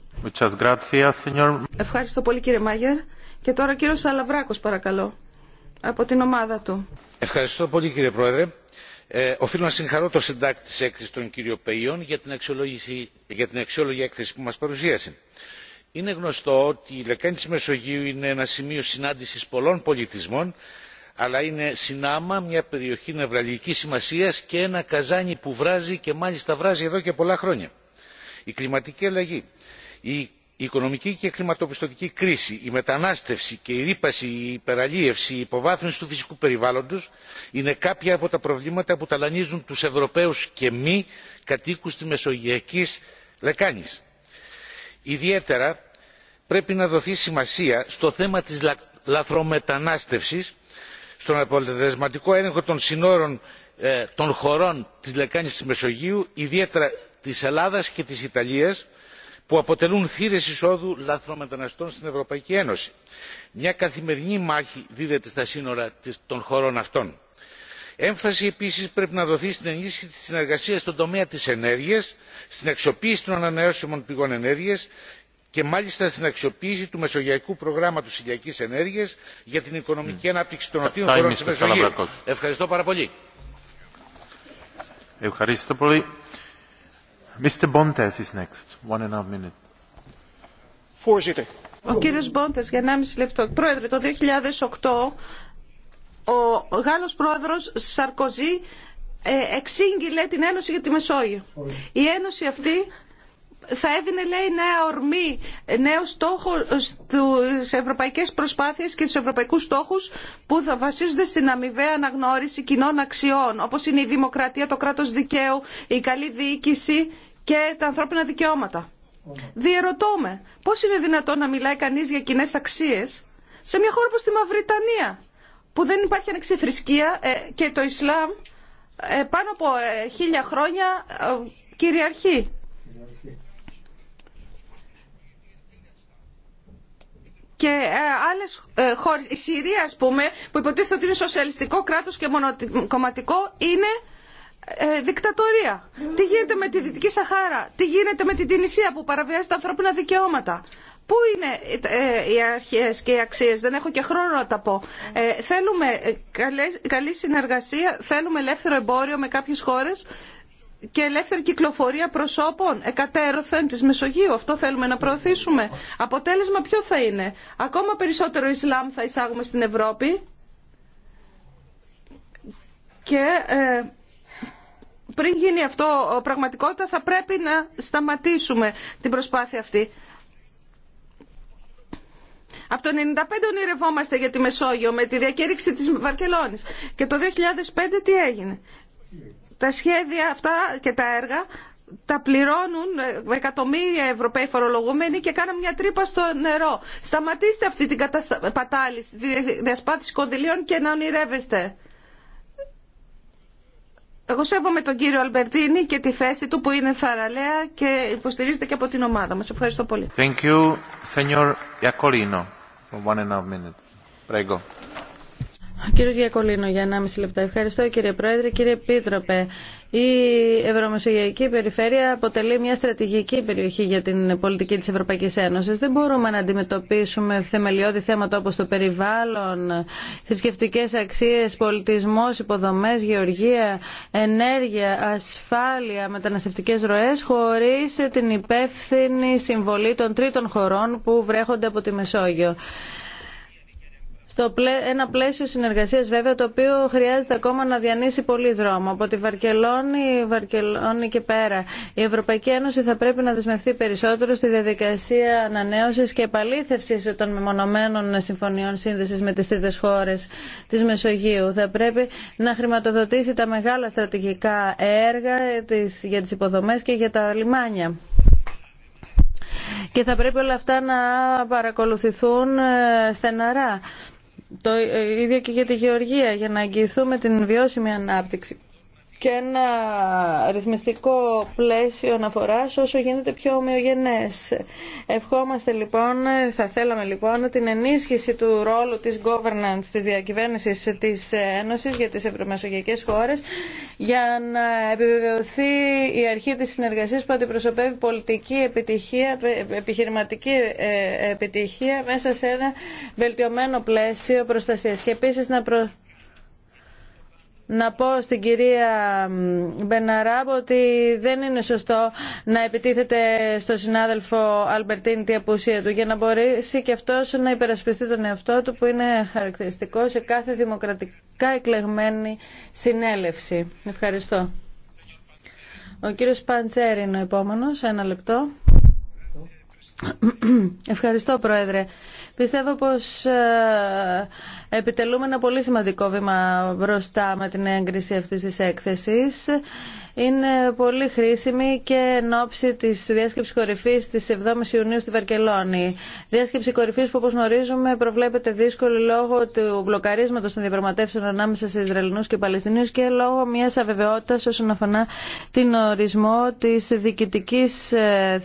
Ευχαριστώ πολύ κύριε Μάγερ. Και τώρα ο κύριος παρακαλώ από την ομάδα του. Ευχαριστώ πολύ κύριε Πρόεδρε. Ε, οφείλω να συγχαρώ το συντάκτη της έκθεσης των κύριο Πεϊών για την, αξιολόγηση, για την αξιόλογη έκθεση που μας παρουσίασε. Είναι γνωστό ότι η λεκάνη της Μεσογείου είναι ένα σημείο συνάντησης πολλών πολιτισμών αλλά είναι συνάμα μια περιοχή νευραλικής σημασίας και ένα καζάνι που βράζει και μάλιστα βράζει εδώ και πολλά χρόνια. Η κλιματική αλλαγή, η η οικονομική και χρηματοπιστωτική κρίση η μετανάστευση και η ρήπαση, η υπεραλίευση η υποβάθμιση του φυσικού περιβάλλοντος είναι κάποια από τα προβλήματα που ταλανίζουν τους ευρωπαίους και μη κατοίκους της μεσογειακής λεκάνης. ιδιαίτερα πρέπει να δοθεί σημασία στο θέμα της λαθρομετανάστευσης στον αποτελεσματικό έλεγχο των συνόρων ε, των χωρών της λεκάνης της μεσογείου ιδιαίτερα της ελλάδας και της ιταλίας που αποτελούν θύρες εισόδου λαθρομεταναστών στην ευρωπαϊκή ένωση. μια καθημερινή μάχη δίδεται στα σύνορα των χωρών αυτών. έμφαση επίσης πρέπει να δοθεί στην ενίσχυση της συνεργασίας στον τομέα της ενέργειας στην αξιοποίηση των ανανεώσιμων πηγών ενέργειας και μάλιστα στην αξιοποίηση του μεσογειακού προγράμματος ηλιακής ενέργειας για την οικονομική mm. ανάπτυξη των νοτίων χωρών της μεσογείου. ευχαριστώ πάρα πολύ. Mr. Ο κύριος Μπόντες για 1,5 λεπτό. Πρόεδρε, το 2008 ο Γάλλος πρόεδρος Σαρκοζή ε, εξήγηλε την Ένωση για τη Μεσόγειο. Η Ένωση αυτή θα έδινε λέει νέα ορμή, νέο στόχο στις ευρωπαϊκές προσπάθειες και στους ευρωπαϊκούς στόχους που θα βασίζονται στην αμοιβαία αναγνώριση κοινών αξιών όπως είναι η δημοκρατία, το κράτος δικαίου, η καλή διοίκηση και τα ανθρώπινα δικαιώματα. Διερωτώ με, πώς είναι δυνατόν να μιλάει κανείς για κοινέ αξίες σε μια χώρα όπως τη Μαυριτανία, που δεν υπάρχει ανεξιθρησκεία ε, και το Ισλάμ ε, πάνω από ε, χίλια χρόνια κυριαρχεί. και άλλες χώρε, η Συρία α πούμε, που υποτίθεται ότι είναι σοσιαλιστικό κράτος και μονοκομματικό, είναι ε, δικτατορία. Τι γίνεται με τη Δυτική Σαχάρα, τι γίνεται με την Τινησία που παραβιάζει τα ανθρώπινα δικαιώματα. Πού είναι ε, οι αρχές και οι αξίες, δεν έχω και χρόνο να τα πω. Ε, θέλουμε ε, καλή, συνεργασία, θέλουμε ελεύθερο εμπόριο με κάποιες χώρες και ελεύθερη κυκλοφορία προσώπων εκατέρωθεν της Μεσογείου. Αυτό θέλουμε να προωθήσουμε. Αποτέλεσμα ποιο θα είναι. Ακόμα περισσότερο Ισλάμ θα εισάγουμε στην Ευρώπη πριν γίνει αυτό πραγματικότητα θα πρέπει να σταματήσουμε την προσπάθεια αυτή. Από το 1995 ονειρευόμαστε για τη Μεσόγειο με τη διακήρυξη της Βαρκελόνης. Και το 2005 τι έγινε. Τα σχέδια αυτά και τα έργα τα πληρώνουν εκατομμύρια Ευρωπαίοι φορολογούμενοι και κάναμε μια τρύπα στο νερό. Σταματήστε αυτή την πατάληση διασπάτηση κονδυλίων και να ονειρεύεστε. Εγώ σέβομαι τον κύριο Αλμπερτίνη και τη θέση του που είναι θαραλέα και υποστηρίζεται και από την ομάδα μας. Ευχαριστώ πολύ. Κύριος Γιακολίνο, για 1,5 λεπτά. Ευχαριστώ κύριε Πρόεδρε, κύριε Επίτροπε. Η Ευρωμεσογειακή Περιφέρεια αποτελεί μια στρατηγική περιοχή για την πολιτική της Ευρωπαϊκής Ένωσης. Δεν μπορούμε να αντιμετωπίσουμε θεμελιώδη θέματα όπως το περιβάλλον, θρησκευτικέ αξίες, πολιτισμός, υποδομές, γεωργία, ενέργεια, ασφάλεια, μεταναστευτικές ροές χωρίς την υπεύθυνη συμβολή των τρίτων χωρών που βρέχονται από τη Μεσόγειο στο ένα πλαίσιο συνεργασίας βέβαια το οποίο χρειάζεται ακόμα να διανύσει πολύ δρόμο. Από τη Βαρκελόνη, Βαρκελόνη και πέρα. Η Ευρωπαϊκή Ένωση θα πρέπει να δεσμευτεί περισσότερο στη διαδικασία ανανέωσης και επαλήθευσης των μεμονωμένων συμφωνιών σύνδεσης με τις τρίτες χώρες της Μεσογείου. Θα πρέπει να χρηματοδοτήσει τα μεγάλα στρατηγικά έργα για τις υποδομές και για τα λιμάνια. Και θα πρέπει όλα αυτά να παρακολουθηθούν ε, στεναρά. Το ε, ίδιο και για τη γεωργία, για να εγγυηθούμε την βιώσιμη ανάπτυξη και ένα ρυθμιστικό πλαίσιο αναφορά όσο γίνεται πιο ομοιογενέ. Ευχόμαστε λοιπόν, θα θέλαμε λοιπόν την ενίσχυση του ρόλου της governance, τη διακυβέρνησης τη Ένωση για τις ευρωμεσογειακές χώρες για να επιβεβαιωθεί η αρχή της συνεργασίας που αντιπροσωπεύει πολιτική επιτυχία, επιχειρηματική ε, επιτυχία μέσα σε ένα βελτιωμένο πλαίσιο προστασία. και επίσης να προ να πω στην κυρία Μπεναράμπ ότι δεν είναι σωστό να επιτίθεται στο συνάδελφο Αλμπερτίν τη απουσία του για να μπορέσει και αυτός να υπερασπιστεί τον εαυτό του που είναι χαρακτηριστικό σε κάθε δημοκρατικά εκλεγμένη συνέλευση. Ευχαριστώ. Ο κύριος Παντσέρη είναι ο επόμενος. Ένα λεπτό. Ευχαριστώ Πρόεδρε. Πιστεύω πως ε, επιτελούμε ένα πολύ σημαντικό βήμα μπροστά με την έγκριση αυτής της έκθεσης. Είναι πολύ χρήσιμη και εν ώψη τη διάσκεψη κορυφή τη 7η Ιουνίου στη Βαρκελόνη. Διάσκεψη κορυφή που, όπω γνωρίζουμε, προβλέπεται δύσκολη λόγω του μπλοκαρίσματο των διαπραγματεύσεων ανάμεσα σε Ισραηλινού και Παλαιστινίου και λόγω μια αβεβαιότητα όσον αφορά την ορισμό τη διοικητική ε,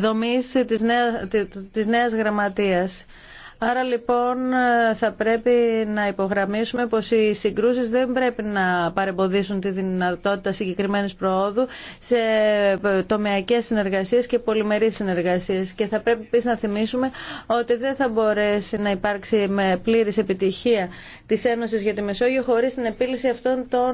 δομής της νέας, της νέας γραμματείας. Άρα λοιπόν θα πρέπει να υπογραμμίσουμε πως οι συγκρούσεις δεν πρέπει να παρεμποδίσουν τη δυνατότητα συγκεκριμένης προόδου σε τομεακές συνεργασίες και πολυμερείς συνεργασίες. Και θα πρέπει επίσης να θυμίσουμε ότι δεν θα μπορέσει να υπάρξει με πλήρης επιτυχία της Ένωσης για τη Μεσόγειο χωρίς την επίλυση αυτών των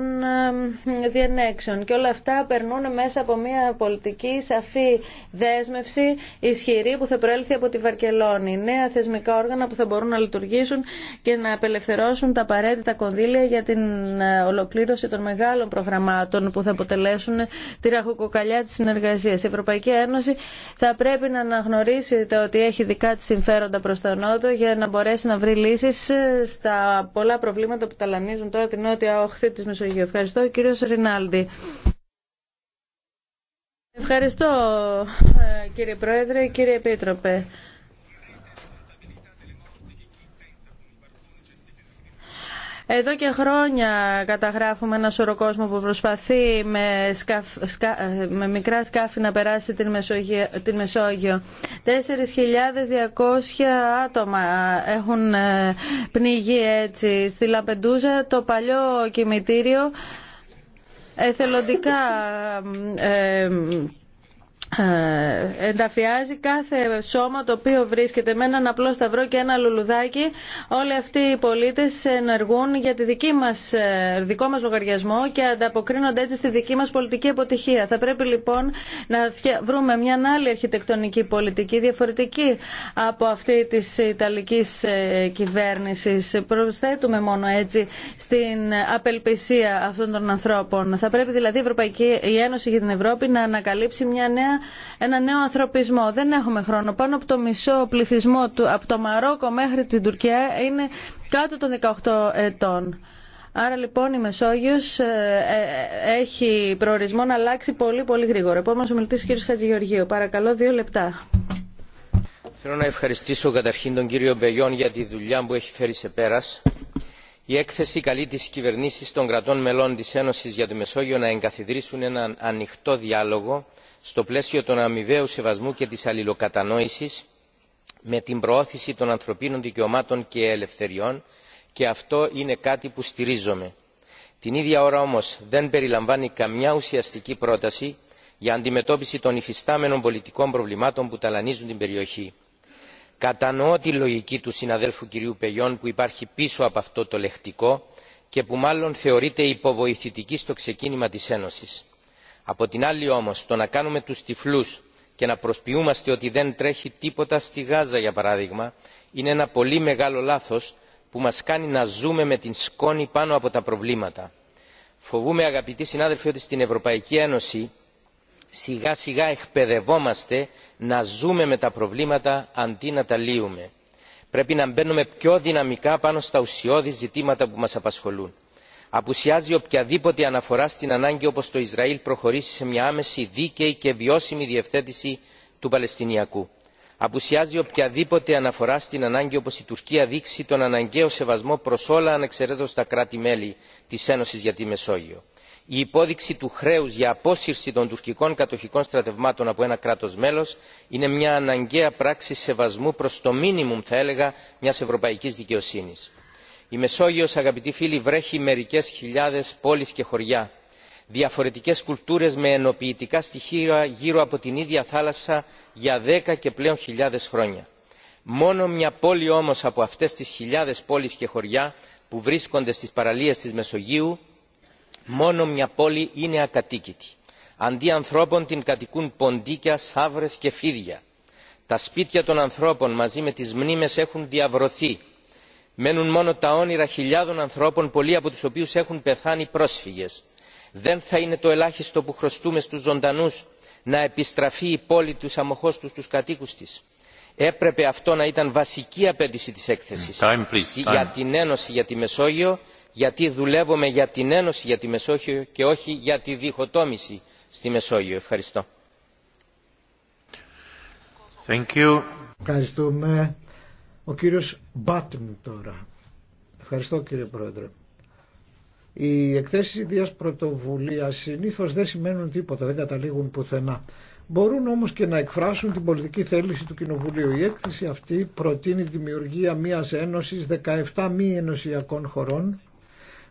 διενέξεων. Και όλα αυτά περνούν μέσα από μια πολιτική σαφή δέσμευση ισχυρή που θα προέλθει από τη Βαρκελόνη. Νέα θεσμικά όργανα όργανα που θα μπορούν να λειτουργήσουν και να απελευθερώσουν τα απαραίτητα κονδύλια για την ε, ολοκλήρωση των μεγάλων προγραμμάτων που θα αποτελέσουν τη ραχοκοκαλιά της συνεργασίας. Η Ευρωπαϊκή Ένωση θα πρέπει να αναγνωρίσει ότι έχει δικά τη συμφέροντα προς τον Νότο για να μπορέσει να βρει λύσεις ε, στα πολλά προβλήματα που ταλανίζουν τώρα την νότια οχθή της Μεσογείου. Ευχαριστώ κύριο Ρινάλντι. Ευχαριστώ ε, κύριε Πρόεδρε, κύριε Επίτροπε. Εδώ και χρόνια καταγράφουμε ένα σωρό κόσμο που προσπαθεί με, μικρά σκάφη να περάσει την Μεσόγειο. 4.200 άτομα έχουν ε, πνιγεί έτσι. Στη Λαπεντούζα. το παλιό κημητήριο εθελοντικά ε, ε, ενταφιάζει κάθε σώμα το οποίο βρίσκεται με έναν απλό σταυρό και ένα λουλουδάκι όλοι αυτοί οι πολίτες ενεργούν για τη δική μας, ε, δικό μας λογαριασμό και ανταποκρίνονται έτσι στη δική μας πολιτική αποτυχία. Θα πρέπει λοιπόν να βρούμε μια άλλη αρχιτεκτονική πολιτική διαφορετική από αυτή της Ιταλικής ε, κυβέρνησης. Προσθέτουμε μόνο έτσι στην απελπισία αυτών των ανθρώπων. Θα πρέπει δηλαδή η, Ευρωπαϊκή, η Ένωση την Ευρώπη να ανακαλύψει μια νέα ένα νέο ανθρωπισμό. Δεν έχουμε χρόνο. Πάνω από το μισό πληθυσμό του, από το Μαρόκο μέχρι την Τουρκία, είναι κάτω των 18 ετών. Άρα λοιπόν η Μεσόγειος ε, ε, έχει προορισμό να αλλάξει πολύ πολύ γρήγορα. Επόμενος ο μιλητής κ. Χατζηγεωργίου. Παρακαλώ δύο λεπτά. Θέλω να ευχαριστήσω καταρχήν τον κύριο Μπεγιόν για τη δουλειά που έχει φέρει σε πέρας η έκθεση καλεί τι κυβερνήσει των κρατών μελών της Ένωση για τη μεσόγειο να εγκαθιδρύσουν έναν ανοιχτό διάλογο στο πλαίσιο του αμοιβαίου σεβασμού και της αλληλοκατανόησης με την προώθηση των ανθρωπίνων δικαιωμάτων και ελευθεριών και αυτό είναι κάτι που στηρίζομαι. την ίδια ώρα όμως δεν περιλαμβάνει καμιά ουσιαστική πρόταση για αντιμετώπιση των υφιστάμενων πολιτικών προβλημάτων που ταλανίζουν την περιοχή κατανοώ τη λογική του συναδέλφου κυρίου Πελιών που υπάρχει πίσω από αυτό το λεχτικό και που μάλλον θεωρείται υποβοηθητική στο ξεκίνημα της ένωσης. από την άλλη όμως το να κάνουμε τους τυφλούς και να προσποιούμαστε ότι δεν τρέχει τίποτα στη γάζα για παράδειγμα είναι ένα πολύ μεγάλο λάθος που μας κάνει να ζούμε με την σκόνη πάνω από τα προβλήματα. φοβούμαι αγαπητοί συνάδελφοι ότι στην ευρωπαϊκή ένωση σιγά σιγά εκπαιδευόμαστε να ζούμε με τα προβλήματα αντί να τα λύουμε. πρέπει να μπαίνουμε πιο δυναμικά πάνω στα ουσιώδη ζητήματα που μας απασχολούν. απουσιάζει οποιαδήποτε αναφορά στην ανάγκη όπως το ισραήλ προχωρήσει σε μια άμεση δίκαιη και βιώσιμη διευθέτηση του παλαιστινιακού. απουσιάζει οποιαδήποτε αναφορά στην ανάγκη όπως η τουρκία δείξει τον αναγκαίο σεβασμό προς όλα ανεξαιρέτως τα κράτη μέλη της ένωσης για τη μεσόγειο η υπόδειξη του χρέου για απόσυρση των τουρκικών κατοχικών στρατευμάτων από ένα κράτο μέλο είναι μια αναγκαία πράξη σεβασμού προ το μίνιμουμ θα έλεγα μια Ευρωπαϊκή δικαιοσύνη. η Μεσόγειο αγαπητοί φίλοι βρέχει μερικέ χιλιάδε πόλεις και χωριά διαφορετικέ κουλτούρε με ενοποιητικά στοιχεία γύρω από την ίδια θάλασσα για δέκα και πλέον χιλιάδε χρόνια. μόνο μια πόλη όμω από αυτέ τι χιλιάδε πόλει και χωριά που βρίσκονται στι παραλίε τη μεσογείου μόνο μια πόλη είναι ακατοίκητη. αντί ανθρώπων την κατοικούν ποντίκια σαύρες και φίδια. τα σπίτια των ανθρώπων μαζί με τις μνήμες έχουν διαβρωθεί. μένουν μόνο τα όνειρα χιλιάδων ανθρώπων πολλοί από τους οποίους έχουν πεθάνει πρόσφυγες. δεν θα είναι το ελάχιστο που χρωστούμε στους ζωντανούς να επιστραφεί η πόλη τους αμοχώστους τους κατοίκους της. έπρεπε αυτό να ήταν βασική απέτηση της έκθεσης. Mm, για την ένωση για τη μεσόγειο γιατί δουλεύουμε για την ένωση για τη μεσόγειο και όχι για τη διχοτόμηση στη μεσόγειο. ευχαριστώ. Thank you. Ευχαριστούμε. Ο κύριος Μπάτμ τώρα. Ευχαριστώ κύριε Πρόεδρε. Οι εκθέσεις ιδίας πρωτοβουλίας συνήθως δεν σημαίνουν τίποτα, δεν καταλήγουν πουθενά. Μπορούν όμως και να εκφράσουν την πολιτική θέληση του Κοινοβουλίου. Η έκθεση αυτή προτείνει δημιουργία μιας ένωσης 17 μη ενωσιακών χωρών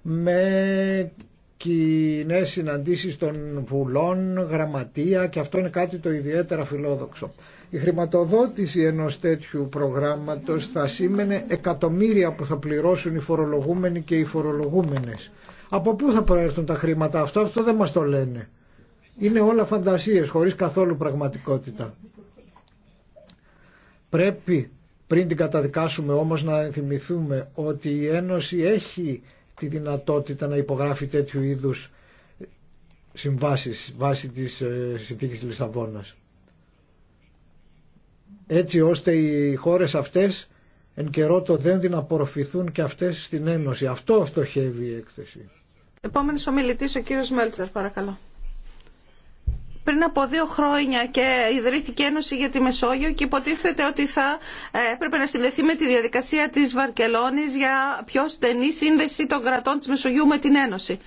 με κοινέ συναντήσεις των βουλών, γραμματεία και αυτό είναι κάτι το ιδιαίτερα φιλόδοξο. Η χρηματοδότηση ενός τέτοιου προγράμματος θα σήμαινε εκατομμύρια που θα πληρώσουν οι φορολογούμενοι και οι φορολογούμενες. Από πού θα προέρθουν τα χρήματα αυτά, αυτό δεν μας το λένε. Είναι όλα φαντασίες χωρίς καθόλου πραγματικότητα. Πρέπει πριν την καταδικάσουμε όμως να θυμηθούμε ότι η Ένωση έχει τη δυνατότητα να υπογράφει τέτοιου είδους συμβάσεις βάσει της ε, συνθήκης Λισαβόνας. Έτσι ώστε οι χώρες αυτές εν καιρό το δένδυ να απορροφηθούν και αυτές στην Ένωση. Αυτό στοχεύει η έκθεση. Επόμενος ομιλητής ο κύριος Μέλτσερ παρακαλώ. Πριν από δύο χρόνια και ιδρύθηκε Ένωση για τη Μεσόγειο και υποτίθεται ότι θα ε, έπρεπε να συνδεθεί με τη διαδικασία της Βαρκελόνης για πιο στενή σύνδεση των κρατών της Μεσογείου με την Ένωση.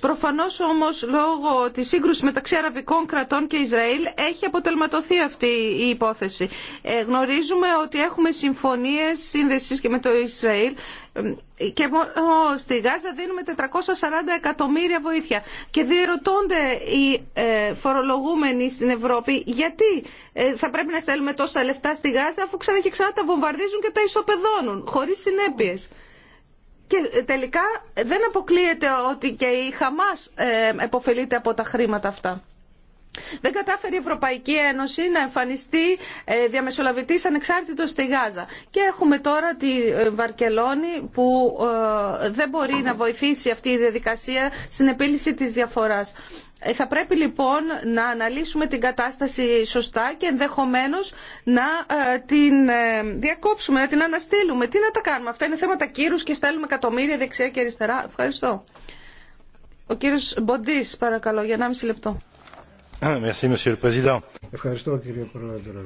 Προφανώς όμως λόγω της σύγκρουση μεταξύ αραβικών κρατών και Ισραήλ έχει αποτελματωθεί αυτή η υπόθεση. Ε, γνωρίζουμε ότι έχουμε συμφωνίες σύνδεσης και με το Ισραήλ και μόνο στη Γάζα δίνουμε 440 εκατομμύρια βοήθεια. Και διερωτώνται οι ε, φορολογούμενοι στην Ευρώπη γιατί ε, θα πρέπει να στέλνουμε τόσα λεφτά στη Γάζα αφού ξανά και ξανά τα βομβαρδίζουν και τα ισοπεδώνουν χωρίς συνέπειες. Και ε, τελικά δεν αποκλείεται ότι και η Χαμάς επωφελείται από τα χρήματα αυτά. Δεν κατάφερε η Ευρωπαϊκή Ένωση να εμφανιστεί ε, διαμεσολαβητής ανεξάρτητος στη Γάζα. Και έχουμε τώρα τη ε, Βαρκελόνη που ε, δεν μπορεί να βοηθήσει αυτή η διαδικασία στην επίλυση της διαφοράς. Θα πρέπει λοιπόν να αναλύσουμε την κατάσταση σωστά και ενδεχομένως να την διακόψουμε, να την αναστείλουμε. Τι να τα κάνουμε. Αυτά είναι θέματα κύρους και στέλνουμε εκατομμύρια δεξιά και αριστερά. Ευχαριστώ. Ο κύριος Μποντής παρακαλώ για 1,5 λεπτό. Ah, Ευχαριστώ κύριε Πρόεδρε.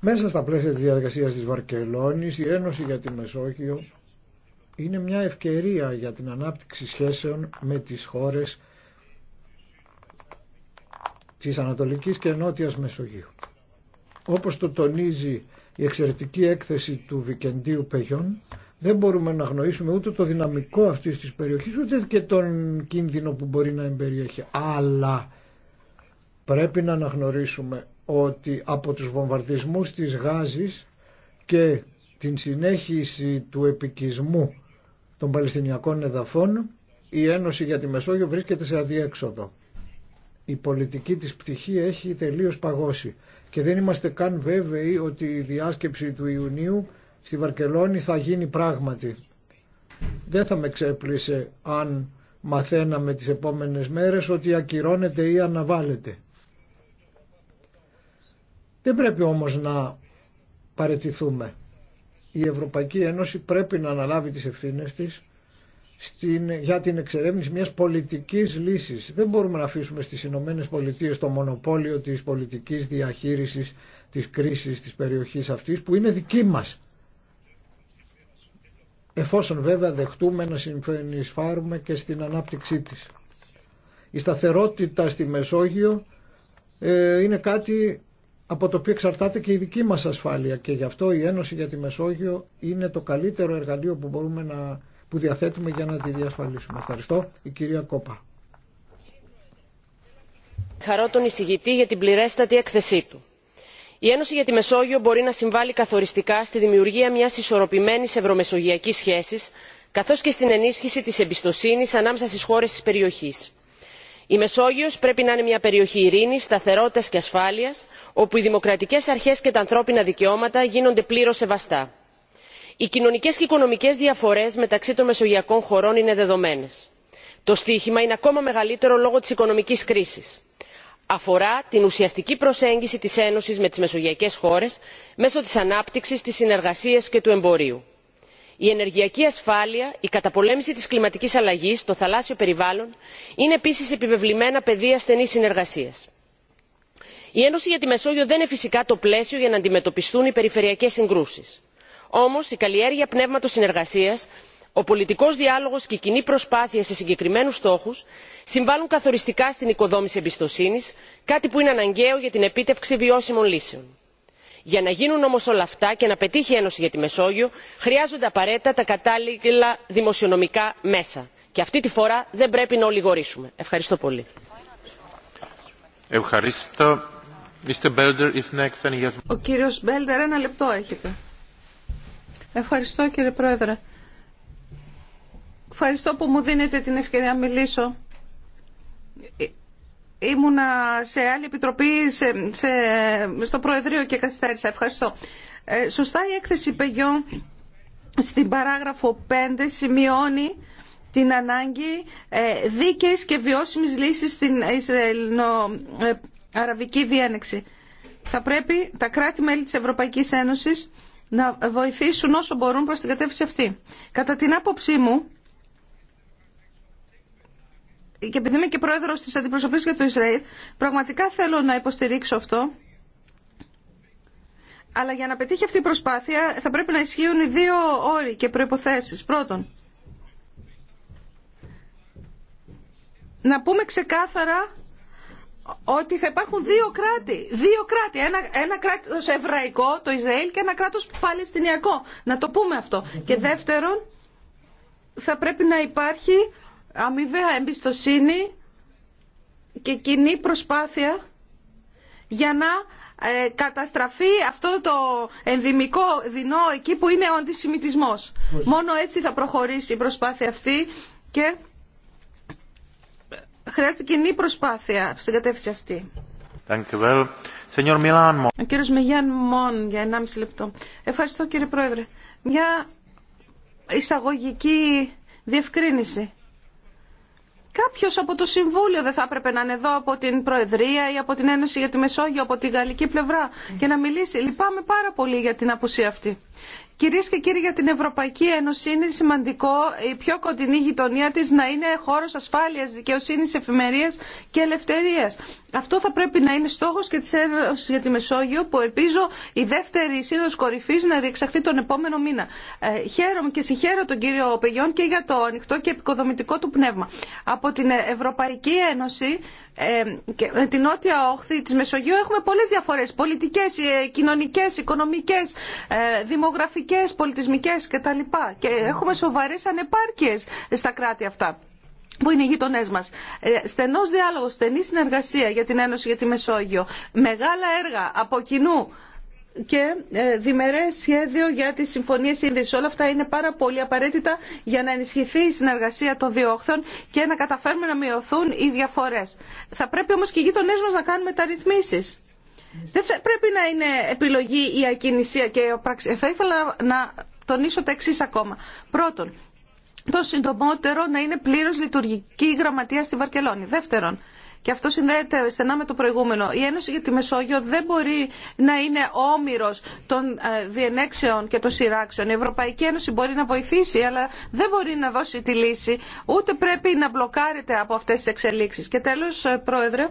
Μέσα στα πλαίσια της διαδικασίας της Βαρκελόνης, η Ένωση για τη Μεσόγειο είναι μια ευκαιρία για την ανάπτυξη σχέσεων με τις χώρες της Ανατολικής και Νότιας Μεσογείου. Όπως το τονίζει η εξαιρετική έκθεση του Βικεντίου Πεγιών, δεν μπορούμε να γνωρίσουμε ούτε το δυναμικό αυτής της περιοχής ούτε και τον κίνδυνο που μπορεί να εμπεριέχει. Αλλά πρέπει να αναγνωρίσουμε ότι από τους βομβαρδισμούς της Γάζης και την συνέχιση του επικισμού των Παλαιστινιακών εδαφών η Ένωση για τη Μεσόγειο βρίσκεται σε αδιέξοδο. Η πολιτική της πτυχή έχει τελείως παγώσει και δεν είμαστε καν βέβαιοι ότι η διάσκεψη του Ιουνίου στη Βαρκελόνη θα γίνει πράγματι. Δεν θα με ξέπλυσε αν μαθαίναμε τις επόμενες μέρες ότι ακυρώνεται ή αναβάλλεται. Δεν πρέπει όμως να παρετηθούμε. Η Ευρωπαϊκή Ένωση πρέπει να αναλάβει τις ευθύνες της στην, για την εξερεύνηση μιας πολιτικής λύσης. Δεν μπορούμε να αφήσουμε στις Ηνωμένε Πολιτείες το μονοπόλιο της πολιτικής διαχείρισης της κρίσης της περιοχής αυτής που είναι δική μας εφόσον βέβαια δεχτούμε να συμφωνισφάρουμε και στην ανάπτυξή της. Η σταθερότητα στη Μεσόγειο ε, είναι κάτι από το οποίο εξαρτάται και η δική μας ασφάλεια και γι' αυτό η Ένωση για τη Μεσόγειο είναι το καλύτερο εργαλείο που, μπορούμε να, που διαθέτουμε για να τη διασφαλίσουμε. Ευχαριστώ. Η κυρία Κόπα. Χαρώ τον εισηγητή για την πληρέστατη έκθεσή του η ένωση για τη μεσόγειο μπορεί να συμβάλλει καθοριστικά στη δημιουργία μιας ισορροπημένης ευρωμεσογειακής σχέσης καθώς και στην ενίσχυση της εμπιστοσύνης ανάμεσα στις χώρες της περιοχής. η μεσόγειος πρέπει να είναι μια περιοχή ειρήνης σταθερότητας και ασφάλειας όπου οι δημοκρατικές αρχές και τα ανθρώπινα δικαιώματα γίνονται πλήρως σεβαστά. οι κοινωνικές και οικονομικές διαφορές μεταξύ των μεσογειακών χωρών είναι δεδομένες. το στίχημα είναι ακόμα μεγαλύτερο λόγω της οικονομικής κρίσης αφορά την ουσιαστική προσέγγιση της ένωσης με τις μεσογειακές χώρες μέσω της ανάπτυξης της συνεργασίας και του εμπορίου. η ενεργειακή ασφάλεια η καταπολέμηση της κλιματικής αλλαγής το θαλάσσιο περιβάλλον είναι επίσης επιβεβλημένα πεδία στενής συνεργασίας. η ένωση για τη μεσόγειο δεν είναι φυσικά το πλαίσιο για να αντιμετωπιστούν οι περιφερειακές συγκρούσεις. όμως η καλλιέργεια πνεύματος συνεργασίας ο πολιτικός διάλογος και η κοινή προσπάθεια σε συγκεκριμένους στόχου συμβάλλουν καθοριστικά στην οικοδόμηση εμπιστοσύνη κάτι που είναι αναγκαίο για την επίτευξη βιώσιμων λύσεων. για να γίνουν όμω όλα αυτά και να πετύχει η ένωση για τη μεσόγειο χρειάζονται απαραίτητα τα κατάλληλα δημοσιονομικά μέσα και αυτή τη φορά δεν πρέπει να ολιγορήσουμε. ευχαριστώ πολύ. Ευχαριστώ που μου δίνετε την ευκαιρία να μιλήσω. Ε, ήμουνα σε άλλη επιτροπή σε, στο Προεδρείο και καθυστέρησα. Ευχαριστώ. Ε, σωστά η έκθεση Πεγιό στην παράγραφο 5 σημειώνει την ανάγκη ε, δίκαιης και βιώσιμης λύσης στην Ισραηλινο-Αραβική διένεξη. Θα πρέπει τα κράτη-μέλη της Ευρωπαϊκής Ένωσης να βοηθήσουν όσο μπορούν προς την κατεύθυνση αυτή. Κατά την άποψή μου, και επειδή είμαι και πρόεδρος της αντιπροσωπής για το Ισραήλ, πραγματικά θέλω να υποστηρίξω αυτό. Αλλά για να πετύχει αυτή η προσπάθεια θα πρέπει να ισχύουν οι δύο όροι και προϋποθέσεις. Πρώτον, να πούμε ξεκάθαρα ότι θα υπάρχουν δύο κράτη. Δύο κράτη. Ένα, ένα κράτος εβραϊκό, το Ισραήλ, και ένα κράτος παλαιστινιακό. Να το πούμε αυτό. Και δεύτερον, θα πρέπει να υπάρχει αμοιβαία εμπιστοσύνη και κοινή προσπάθεια για να ε, καταστραφεί αυτό το ενδυμικό δεινό εκεί που είναι ο αντισημιτισμός. Μόνο έτσι θα προχωρήσει η προσπάθεια αυτή και χρειάζεται κοινή προσπάθεια στην κατεύθυνση αυτή. Ο κύριος Μιγιάν Μον για 1,5 λεπτό. Ευχαριστώ κύριε Πρόεδρε. Μια εισαγωγική διευκρίνηση. Κάποιο από το Συμβούλιο δεν θα έπρεπε να είναι εδώ από την Προεδρία ή από την Ένωση για τη Μεσόγειο, από την γαλλική πλευρά και να μιλήσει. Λυπάμαι πάρα πολύ για την απουσία αυτή. Κυρίε και κύριοι, για την Ευρωπαϊκή Ένωση είναι σημαντικό η πιο κοντινή γειτονία τη να είναι χώρο ασφάλεια, δικαιοσύνη, εφημερία και ελευθερία. Αυτό θα πρέπει να είναι στόχο και τη Ένωση για τη Μεσόγειο που ελπίζω η δεύτερη σύνοδο κορυφή να διεξαχθεί τον επόμενο μήνα. Ε, χαίρομαι και συγχαίρω τον κύριο Πεγιόν και για το ανοιχτό και επικοδομητικό του πνεύμα. Από την Ευρωπαϊκή Ένωση ε, και με την νότια όχθη τη Μεσογείου έχουμε πολλέ διαφορέ πολιτικέ, κοινωνικέ, οικονομικέ, ε, εθνικές, πολιτισμικέ κτλ. Και έχουμε σοβαρέ ανεπάρκειε στα κράτη αυτά που είναι οι γείτονέ μα. Ε, Στενό διάλογο, στενή συνεργασία για την Ένωση για τη Μεσόγειο. Μεγάλα έργα από κοινού και ε, διμερέ σχέδιο για τι συμφωνίε σύνδεση. Όλα αυτά είναι πάρα πολύ απαραίτητα για να ενισχυθεί η συνεργασία των όχθων και να καταφέρουμε να μειωθούν οι διαφορέ. Θα πρέπει όμω και οι γείτονέ μα να κάνουν μεταρρυθμίσει. Δεν θα, πρέπει να είναι επιλογή η ακινησία και η πράξη. Θα ήθελα να τονίσω τα εξή ακόμα. Πρώτον, το συντομότερο να είναι πλήρω λειτουργική γραμματεία στη Βαρκελόνη. Δεύτερον, και αυτό συνδέεται στενά με το προηγούμενο. Η Ένωση για τη Μεσόγειο δεν μπορεί να είναι όμοιρο των ε, διενέξεων και των σειράξεων. Η Ευρωπαϊκή Ένωση μπορεί να βοηθήσει, αλλά δεν μπορεί να δώσει τη λύση, ούτε πρέπει να μπλοκάρεται από αυτέ τι εξελίξει. Και τέλο, ε, Πρόεδρε,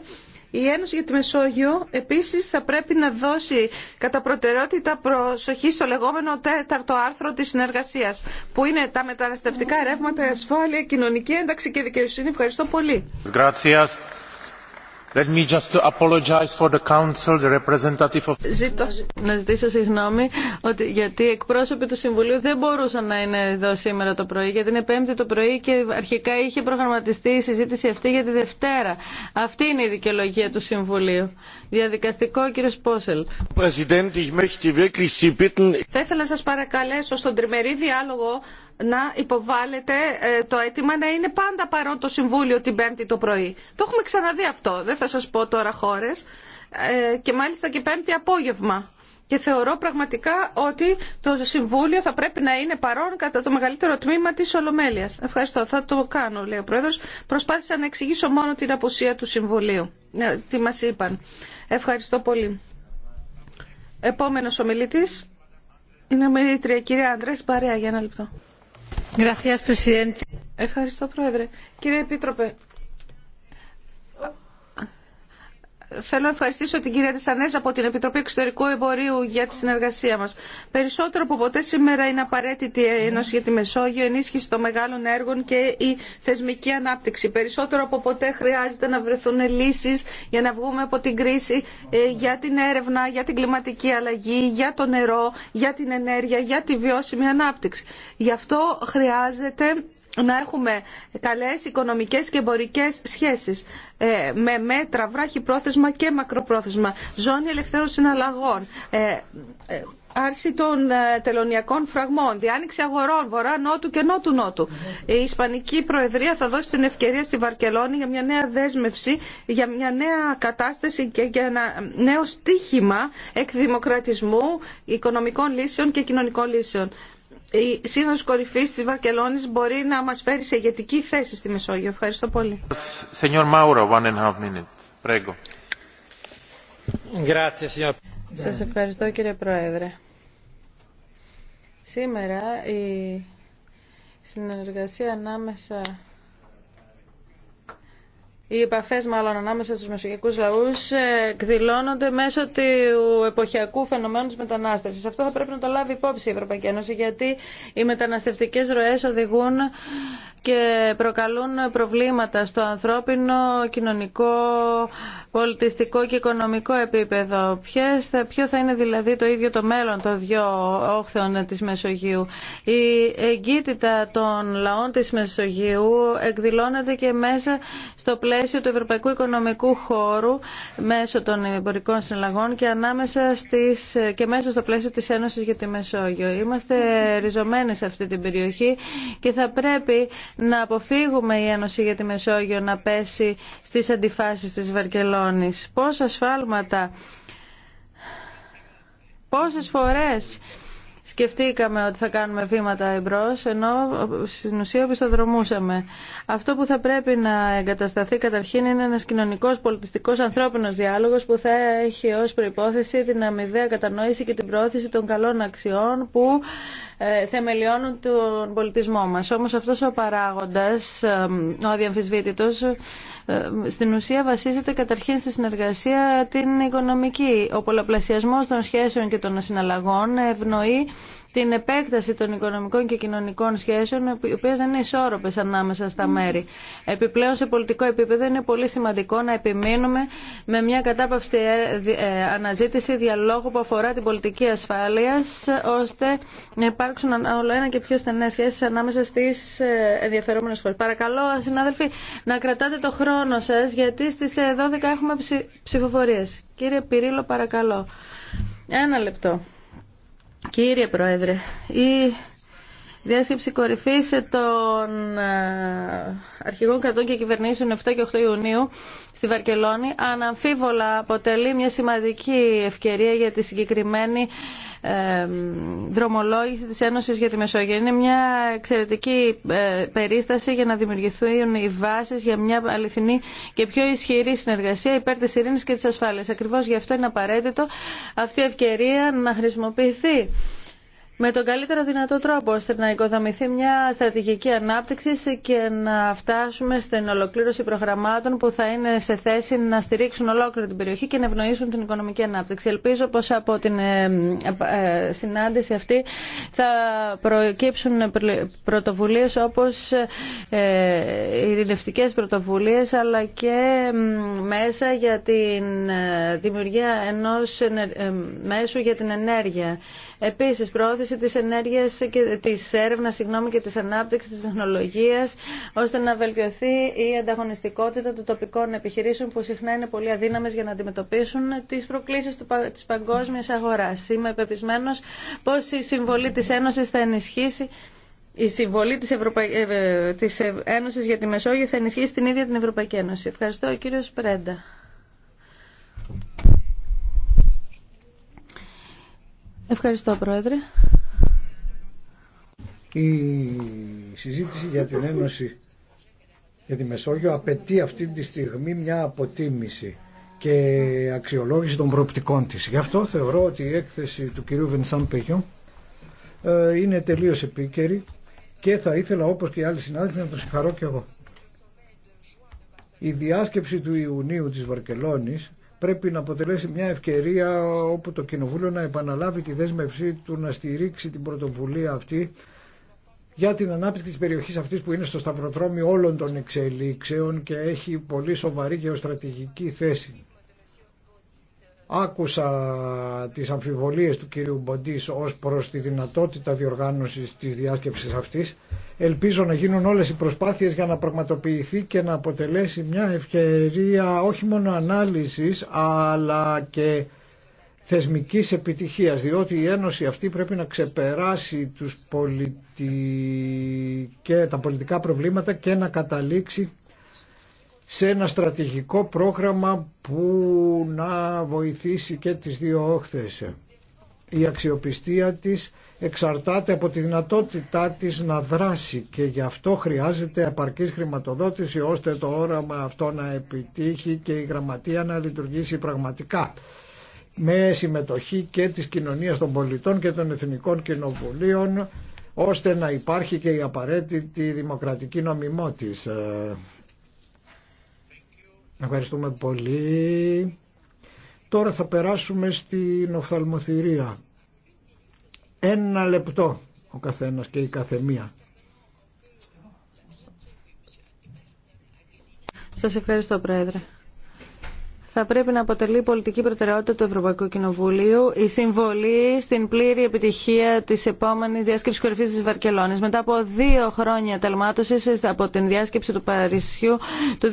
η Ένωση για τη Μεσόγειο επίσης θα πρέπει να δώσει κατά προτεραιότητα προσοχή στο λεγόμενο τέταρτο άρθρο της συνεργασίας που είναι τα μεταναστευτικά ρεύματα, ασφάλεια, κοινωνική ένταξη και δικαιοσύνη. Ευχαριστώ πολύ. Ζήτω να ζητήσω συγγνώμη ότι, γιατί οι εκπρόσωποι του Συμβουλίου δεν μπορούσαν να είναι εδώ σήμερα το πρωί γιατί είναι πέμπτη το πρωί και αρχικά είχε προγραμματιστεί η συζήτηση αυτή για τη Δευτέρα. Αυτή είναι η δικαιολογία του Συμβουλίου. Διαδικαστικό κύριο Πόσελτ. Θα ήθελα να σας παρακαλέσω στον τριμερή διάλογο να υποβάλλεται ε, το αίτημα να είναι πάντα παρόν το Συμβούλιο την Πέμπτη το πρωί. Το έχουμε ξαναδεί αυτό, δεν θα σας πω τώρα χώρες, ε, και μάλιστα και Πέμπτη απόγευμα. Και θεωρώ πραγματικά ότι το Συμβούλιο θα πρέπει να είναι παρόν κατά το μεγαλύτερο τμήμα της Ολομέλειας. Ευχαριστώ, θα το κάνω, λέει ο Πρόεδρος. Προσπάθησα να εξηγήσω μόνο την απουσία του Συμβουλίου, ε, τι μας είπαν. Ευχαριστώ πολύ. Επόμενος ομιλητής είναι η ομιλήτρια κυρία Ανδρέας Μπαρέα για ένα λεπτό. Ευχαριστώ, Πρόεδρε. Κύριε Επίτροπε, Θέλω να ευχαριστήσω την κυρία Τεσανέζα από την Επιτροπή Εξωτερικού Εμπορίου για τη συνεργασία μας. Περισσότερο από ποτέ σήμερα είναι απαραίτητη η Ένωση για τη Μεσόγειο, ενίσχυση των μεγάλων έργων και η θεσμική ανάπτυξη. Περισσότερο από ποτέ χρειάζεται να βρεθούν λύσεις για να βγούμε από την κρίση ε, για την έρευνα, για την κλιματική αλλαγή, για το νερό, για την ενέργεια, για τη βιώσιμη ανάπτυξη. Γι' αυτό χρειάζεται να έχουμε καλές οικονομικές και εμπορικές σχέσεις ε, με μέτρα βράχη πρόθεσμα και μακροπρόθεσμα, ζώνη ελευθέρων συναλλαγών, ε, ε, άρση των τελωνιακών φραγμών, διάνοιξη αγορών βορρά νότου και νότου νότου. Η Ισπανική Προεδρία θα δώσει την ευκαιρία στη Βαρκελόνη για μια νέα δέσμευση, για μια νέα κατάσταση και για ένα νέο στίχημα εκδημοκρατισμού, οικονομικών λύσεων και κοινωνικών λύσεων η σύνοδο κορυφή τη Βαρκελόνη μπορεί να μα φέρει σε ηγετική θέση στη Μεσόγειο. Ευχαριστώ πολύ. Σα ευχαριστώ κύριε Πρόεδρε. Σήμερα η συνεργασία ανάμεσα οι επαφέ μάλλον ανάμεσα στου μεσογειακού λαού ε, εκδηλώνονται μέσω του εποχιακού φαινομένου τη μετανάστευση. Αυτό θα πρέπει να το λάβει υπόψη η Ευρωπαϊκή Ένωση, γιατί οι μεταναστευτικέ ροέ οδηγούν και προκαλούν προβλήματα στο ανθρώπινο, κοινωνικό, πολιτιστικό και οικονομικό επίπεδο. Ποιες ποιο θα είναι δηλαδή το ίδιο το μέλλον των δυο όχθεων της Μεσογείου. Η εγκύτητα των λαών Μεσογείου εκδηλώνεται και μέσα στο πλαίσιο πλαίσιο του Ευρωπαϊκού Οικονομικού Χώρου μέσω των εμπορικών συναλλαγών και ανάμεσα στις, και μέσα στο πλαίσιο της Ένωσης για τη Μεσόγειο. Είμαστε ριζωμένοι σε αυτή την περιοχή και θα πρέπει να αποφύγουμε η Ένωση για τη Μεσόγειο να πέσει στις αντιφάσεις της Βαρκελόνης. Πόσα σφάλματα, πόσες φορές σκεφτήκαμε ότι θα κάνουμε βήματα εμπρό, ενώ στην ουσία πιστοδρομούσαμε. Αυτό που θα πρέπει να εγκατασταθεί καταρχήν είναι ένας κοινωνικός, πολιτιστικός, ανθρώπινος διάλογος που θα έχει ως προϋπόθεση την αμοιβαία κατανόηση και την προώθηση των καλών αξιών που ε, θεμελιώνουν τον πολιτισμό μας. Όμως αυτός ο παράγοντας, ε, ο αδιαμφισβήτητος, ε, στην ουσία βασίζεται καταρχήν στη συνεργασία την οικονομική. Ο πολλαπλασιασμός των σχέσεων και των συναλλαγών ευνοεί την επέκταση των οικονομικών και κοινωνικών σχέσεων, οι οποίε δεν είναι ισόρροπε ανάμεσα στα μέρη. Επιπλέον, σε πολιτικό επίπεδο, είναι πολύ σημαντικό να επιμείνουμε με μια κατάπαυστη ε, ε, αναζήτηση διαλόγου που αφορά την πολιτική ασφάλεια, ώστε να υπάρξουν όλο ένα και πιο στενέ σχέσει ανάμεσα στι ε, ενδιαφερόμενε χώρε. Παρακαλώ, συνάδελφοι, να κρατάτε το χρόνο σα, γιατί στι 12 έχουμε ψηφοφορίε. Κύριε Πυρίλο, παρακαλώ. Ένα λεπτό. Κύριε Πρόεδρε, η διάσκεψη κορυφή των ε, αρχηγών κρατών και κυβερνήσεων 7 και 8 Ιουνίου στη Βαρκελόνη αναμφίβολα αποτελεί μια σημαντική ευκαιρία για τη συγκεκριμένη δρομολόγηση της Ένωσης για τη Μεσόγειο. Είναι μια εξαιρετική ε, περίσταση για να δημιουργηθούν οι βάσεις για μια αληθινή και πιο ισχυρή συνεργασία υπέρ της ειρήνης και της ασφάλειας. Ακριβώς γι' αυτό είναι απαραίτητο αυτή η ευκαιρία να χρησιμοποιηθεί με τον καλύτερο δυνατό τρόπο ώστε να οικοδομηθεί μια στρατηγική ανάπτυξη και να φτάσουμε στην ολοκλήρωση προγραμμάτων που θα είναι σε θέση να στηρίξουν ολόκληρη την περιοχή και να ευνοήσουν την οικονομική ανάπτυξη. Ελπίζω πως από την ε, ε, συνάντηση αυτή θα προκύψουν πρωτοβουλίε όπως οι ε, ειρηνευτικές αλλά και μέσα για την δημιουργία ενός μέσου για την ενέργεια. Επίσης, προώθηση της ενέργειας και της έρευνας συγγνώμη, και της ανάπτυξης της τεχνολογίας ώστε να βελτιωθεί η ανταγωνιστικότητα των τοπικών επιχειρήσεων που συχνά είναι πολύ αδύναμες για να αντιμετωπίσουν τις προκλήσεις της παγκόσμιας αγοράς. Είμαι επεπισμένος πως η συμβολή της Ένωσης θα ενισχύσει η συμβολή της, Ευρωπα... Ε, ε, της Ένωσης για τη Μεσόγειο θα ενισχύσει την ίδια την Ευρωπαϊκή Ένωση. Ευχαριστώ, ο κύριος Πρέντα. Ευχαριστώ, Πρόεδρε. Η συζήτηση για την Ένωση για τη Μεσόγειο απαιτεί αυτή τη στιγμή μια αποτίμηση και αξιολόγηση των προοπτικών της. Γι' αυτό θεωρώ ότι η έκθεση του κυρίου Βενσάν Πεγιό ε, είναι τελείως επίκαιρη και θα ήθελα όπως και οι άλλοι συνάδελφοι να τον συγχαρώ και εγώ. Η διάσκεψη του Ιουνίου της Βαρκελόνης πρέπει να αποτελέσει μια ευκαιρία όπου το Κοινοβούλιο να επαναλάβει τη δέσμευσή του να στηρίξει την πρωτοβουλία αυτή για την ανάπτυξη της περιοχής αυτής που είναι στο σταυροδρόμι όλων των εξελίξεων και έχει πολύ σοβαρή γεωστρατηγική θέση. Άκουσα τις αμφιβολίες του κύριου Μποντής ως προς τη δυνατότητα διοργάνωσης της διάσκεψης αυτής. Ελπίζω να γίνουν όλες οι προσπάθειες για να πραγματοποιηθεί και να αποτελέσει μια ευκαιρία όχι μόνο ανάλυσης αλλά και θεσμικής επιτυχίας, διότι η Ένωση αυτή πρέπει να ξεπεράσει τους πολιτι... και τα πολιτικά προβλήματα και να καταλήξει σε ένα στρατηγικό πρόγραμμα που να βοηθήσει και τις δύο όχθες. Η αξιοπιστία της εξαρτάται από τη δυνατότητά της να δράσει και γι' αυτό χρειάζεται επαρκής χρηματοδότηση ώστε το όραμα αυτό να επιτύχει και η γραμματεία να λειτουργήσει πραγματικά με συμμετοχή και της κοινωνίας των πολιτών και των εθνικών κοινοβουλίων ώστε να υπάρχει και η απαραίτητη δημοκρατική νομιμότης. Ε, ευχαριστούμε πολύ. Τώρα θα περάσουμε στην οφθαλμοθυρία. Ένα λεπτό ο καθένας και η καθεμία. Σας ευχαριστώ Πρόεδρε θα πρέπει να αποτελεί πολιτική προτεραιότητα του Ευρωπαϊκού Κοινοβουλίου η συμβολή στην πλήρη επιτυχία τη επόμενη διάσκεψη κορυφή τη Βαρκελόνη. Μετά από δύο χρόνια τελμάτωση από την διάσκεψη του Παρισιού του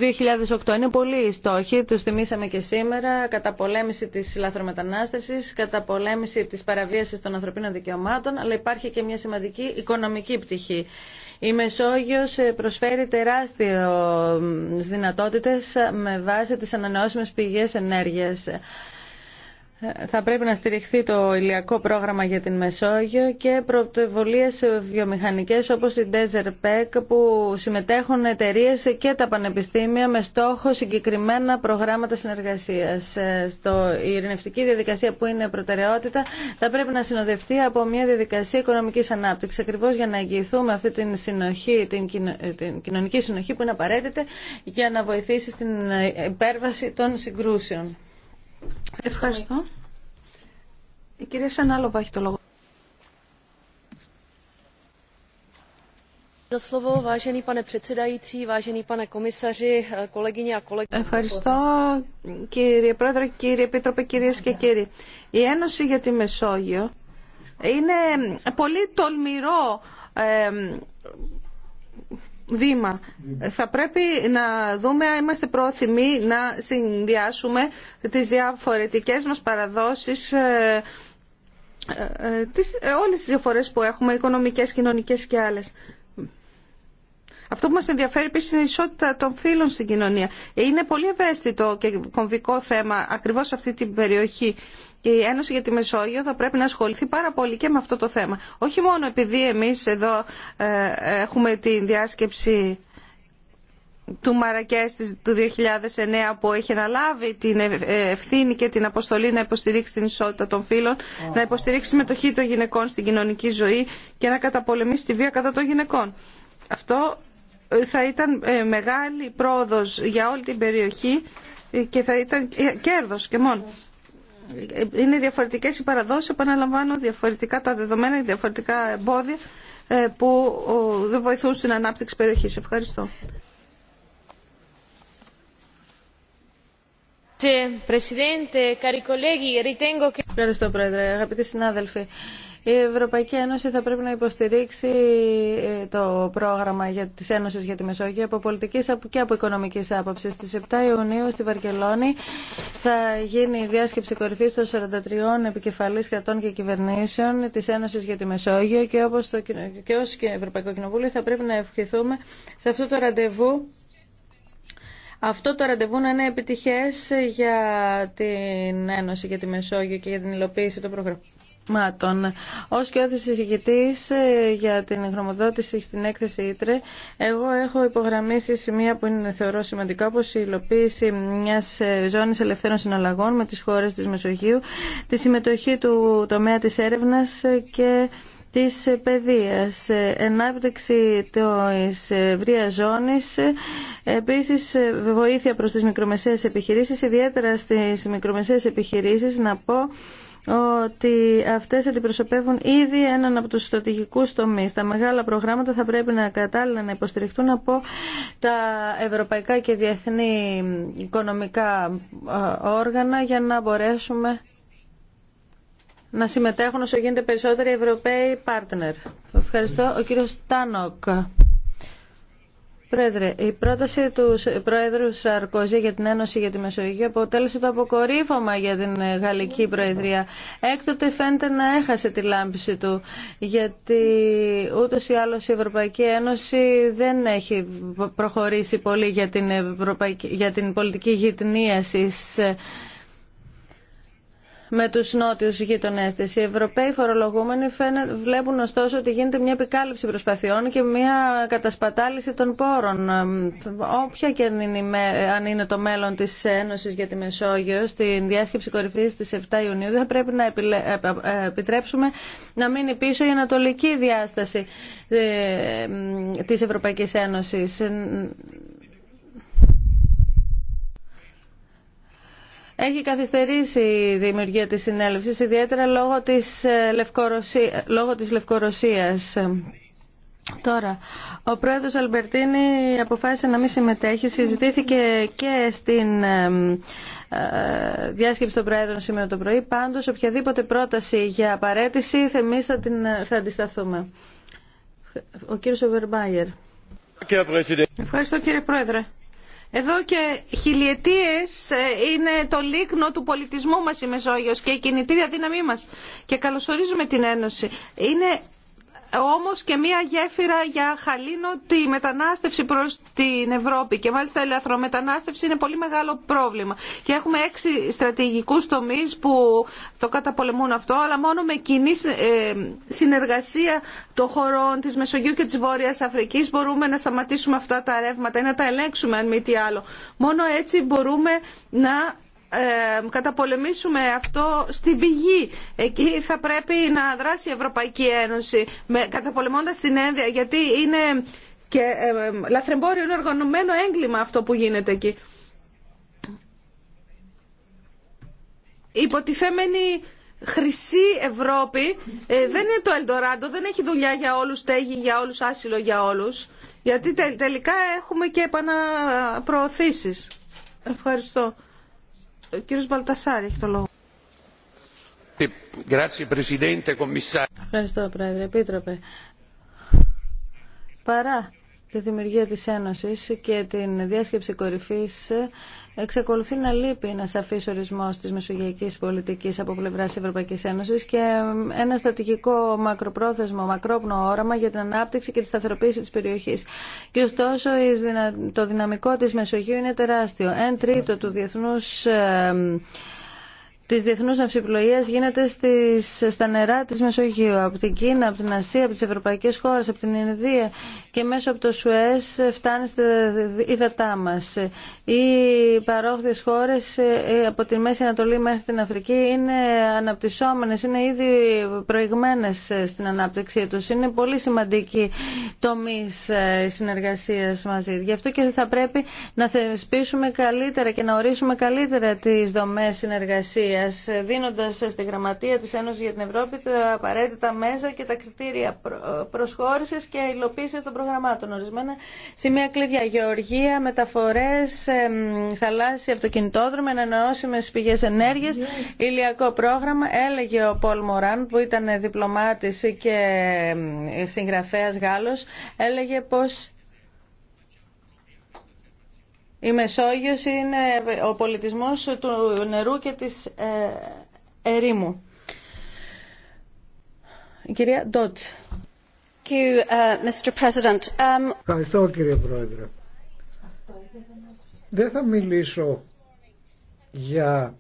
2008, είναι πολύ οι στόχοι, του θυμήσαμε και σήμερα, κατά πολέμηση τη λαθρομετανάστευση, πολέμηση τη παραβίαση των ανθρωπίνων δικαιωμάτων, αλλά υπάρχει και μια σημαντική οικονομική πτυχή. Η Μεσόγειος ε, προσφέρει τεράστιες δυνατότητες ε, με βάση τις ανανεώσιμες πηγές ενέργειας θα πρέπει να στηριχθεί το ηλιακό πρόγραμμα για την Μεσόγειο και πρωτοβουλίε βιομηχανικέ όπω η Desert Pack που συμμετέχουν εταιρείε και τα πανεπιστήμια με στόχο συγκεκριμένα προγράμματα συνεργασία. Ε, η ειρηνευτική διαδικασία που είναι προτεραιότητα θα πρέπει να συνοδευτεί από μια διαδικασία οικονομική ανάπτυξη ακριβώ για να εγγυηθούμε αυτή την συνοχή, την, την κοινωνική συνοχή που είναι απαραίτητη για να βοηθήσει στην υπέρβαση των συγκρούσεων. Ευχαριστώ. Η κυρία Σανάλοβα έχει το λόγο. Ευχαριστώ κύριε Πρόεδρε, κύριε Επίτροπε, κυρίες και κύριοι. Η Ένωση για τη Μεσόγειο είναι πολύ τολμηρό ε, βήμα. Θα πρέπει να δούμε αν είμαστε πρόθυμοι να συνδυάσουμε τις διαφορετικές μας παραδόσεις ε, ε, ε, τις, όλες τις διαφορές που έχουμε, οικονομικές, κοινωνικές και άλλες. Αυτό που μας ενδιαφέρει επίσης είναι η ισότητα των φίλων στην κοινωνία. Είναι πολύ ευαίσθητο και κομβικό θέμα ακριβώς σε αυτή την περιοχή και η Ένωση για τη Μεσόγειο θα πρέπει να ασχοληθεί πάρα πολύ και με αυτό το θέμα. Όχι μόνο επειδή εμείς εδώ ε, έχουμε τη διάσκεψη του Μαρακές του 2009 που έχει αναλάβει την ε, ευθύνη και την αποστολή να υποστηρίξει την ισότητα των φίλων, να υποστηρίξει συμμετοχή των γυναικών στην κοινωνική ζωή και να καταπολεμήσει τη βία κατά των γυναικών. Αυτό ε, θα ήταν μεγάλη πρόοδος για όλη την περιοχή και θα ήταν κέρδος και μόνο είναι διαφορετικές οι παραδόσεις, επαναλαμβάνω, διαφορετικά τα δεδομένα, διαφορετικά εμπόδια ε, που δεν βοηθούν στην ανάπτυξη περιοχής. Ευχαριστώ. Ευχαριστώ, Πρόεδρε. Αγαπητοί συνάδελφοι, η Ευρωπαϊκή Ένωση θα πρέπει να υποστηρίξει ε, το πρόγραμμα τη της Ένωσης για τη Μεσόγειο από πολιτικής και από οικονομικής άποψη. Στις 7 Ιουνίου στη Βαρκελόνη θα γίνει η διάσκεψη κορυφής των 43 επικεφαλής κρατών και κυβερνήσεων της Ένωσης για τη Μεσόγειο και όπως και ως Ευρωπαϊκό Κοινοβούλιο θα πρέπει να ευχηθούμε σε αυτό το ραντεβού αυτό το ραντεβού να είναι επιτυχές για την Ένωση, για τη Μεσόγειο και για την υλοποίηση των προγραμμάτων Ω και και συζητητής ε, για την χρωμοδότηση στην έκθεση ΙΤΡΕ, εγώ έχω υπογραμμίσει σημεία που είναι θεωρώ σημαντικά, όπω η υλοποίηση μια ε, ζώνη ελευθέρων συναλλαγών με τι χώρε τη Μεσογείου, τη συμμετοχή του τομέα τη έρευνα ε, και της παιδείας, ενάπτυξη της ευρεία ζώνης, επίσης βοήθεια προς τις μικρομεσαίες επιχειρήσεις, ιδιαίτερα στις μικρομεσαίες επιχειρήσεις να πω ότι αυτές αντιπροσωπεύουν ήδη έναν από τους στρατηγικούς τομείς. Τα μεγάλα προγράμματα θα πρέπει να κατάλληλα να υποστηριχτούν από τα ευρωπαϊκά και διεθνή οικονομικά ε, όργανα για να μπορέσουμε να συμμετέχουν όσο γίνεται περισσότεροι Ευρωπαίοι partner. Ευχαριστώ. Ο κύριος Τάνοκ. Πρόεδρε, η πρόταση του Πρόεδρου Σαρκόζη για την Ένωση για τη Μεσογείο αποτέλεσε το αποκορύφωμα για την ε, Γαλλική Προεδρία. Έκτοτε φαίνεται να έχασε τη λάμψη του, γιατί ούτω ή άλλω η Ευρωπαϊκή Ένωση δεν έχει προχωρήσει πολύ για την, Ευρωπαϊκή, για την πολιτική γυτνίαση ε, με του νότιου γείτονέ τη. Οι Ευρωπαίοι φορολογούμενοι βλέπουν ωστόσο ότι γίνεται μια επικάλυψη προσπαθειών και μια κατασπατάληση των πόρων. Όποια και αν είναι το μέλλον της Ένωση για τη Μεσόγειο, στην διάσκεψη κορυφής της 7 Ιουνίου δεν πρέπει να ε, ε, ε, επιτρέψουμε να μείνει πίσω η ανατολική διάσταση τη Ευρωπαϊκή Ένωση. έχει καθυστερήσει η δημιουργία της συνέλευσης, ιδιαίτερα λόγω της, ε, Λευκορωσία, λόγω της Λευκορωσίας. Τώρα, ο πρόεδρος Αλμπερτίνη αποφάσισε να μην συμμετέχει. Συζητήθηκε και στην ε, ε, διάσκεψη των Προέδρων σήμερα το πρωί. Πάντως, οποιαδήποτε πρόταση για απαραίτηση, εμείς θα, την, αντισταθούμε. Ο κύριος Βερμπάγερ. Ευχαριστώ κύριε Πρόεδρε. Εδώ και χιλιετίες ε, είναι το λίκνο του πολιτισμού μας η Μεσόγειος και η κινητήρια δύναμή μας. Και καλωσορίζουμε την Ένωση. Είναι όμως και μια γέφυρα για χαλήνο τη μετανάστευση προς την Ευρώπη και μάλιστα η λαθρομετανάστευση είναι πολύ μεγάλο πρόβλημα και έχουμε έξι στρατηγικούς τομείς που το καταπολεμούν αυτό αλλά μόνο με κοινή ε, συνεργασία των χωρών της Μεσογείου και της Βόρειας Αφρικής μπορούμε να σταματήσουμε αυτά τα ρεύματα ή να τα ελέγξουμε αν μη τι άλλο. Μόνο έτσι μπορούμε να καταπολεμήσουμε αυτό στην πηγή. Εκεί θα πρέπει να δράσει η Ευρωπαϊκή Ένωση καταπολεμώντας την ένδια γιατί είναι και λαθρεμπόριο, είναι οργανωμένο έγκλημα αυτό που γίνεται εκεί. Υποτιθέμενη χρυσή Ευρώπη ε, δεν είναι το Ελντοράντο, δεν έχει δουλειά για όλους, στέγη για όλους, άσυλο για όλους. Γιατί τελικά έχουμε και επαναπροωθήσεις. Ευχαριστώ. Ο κύριος Μπαλτασάρη έχει το λόγο. Ε, Ευχαριστώ, Πρόεδρε. Επίτροπε. Παρά τη δημιουργία της Ένωσης και την διάσκεψη κορυφής εξακολουθεί να λείπει ένα σαφή ορισμό τη μεσογειακή πολιτική από πλευρά τη Ευρωπαϊκή Ένωση και ένα στρατηγικό μακροπρόθεσμο, μακρόπνο όραμα για την ανάπτυξη και τη σταθεροποίηση τη περιοχή. Και ωστόσο το δυναμικό τη Μεσογείου είναι τεράστιο. Εν τρίτο του διεθνού τη διεθνού ναυσιπλοεία γίνεται στις, στα νερά τη Μεσογείου, από την Κίνα, από την Ασία, από τι Ευρωπαϊκέ χώρε, από την Ινδία και μέσω από το ΣΟΕΣ φτάνει στα υδατά μα. Οι παρόχθες χώρε ε, από τη Μέση Ανατολή μέχρι την Αφρική είναι αναπτυσσόμενε, είναι ήδη προηγμένε ε, στην ανάπτυξή του. Είναι πολύ σημαντική τομή ε, συνεργασία μαζί. Γι' αυτό και θα πρέπει να θεσπίσουμε καλύτερα και να ορίσουμε καλύτερα τι δομέ συνεργασία σε δίνοντας στη Γραμματεία της Ένωσης για την Ευρώπη τα απαραίτητα μέσα και τα κριτήρια προσχώρησης και υλοποίησης των προγραμμάτων. Ορισμένα σημεία κλειδιά, γεωργία, μεταφορές, θαλάσσια αυτοκινητόδρομοι, ανανεώσιμες πηγές ενέργειας, ηλιακό πρόγραμμα, έλεγε ο Πολ Μωράν που ήταν διπλωμάτης και συγγραφέας Γάλλος, έλεγε πως η Μεσόγειος είναι ο πολιτισμός του νερού και της ε, ερήμου. Η κυρία Ντότ. Uh, um, Ευχαριστώ κύριε Πρόεδρε. Δεν θα μιλήσω για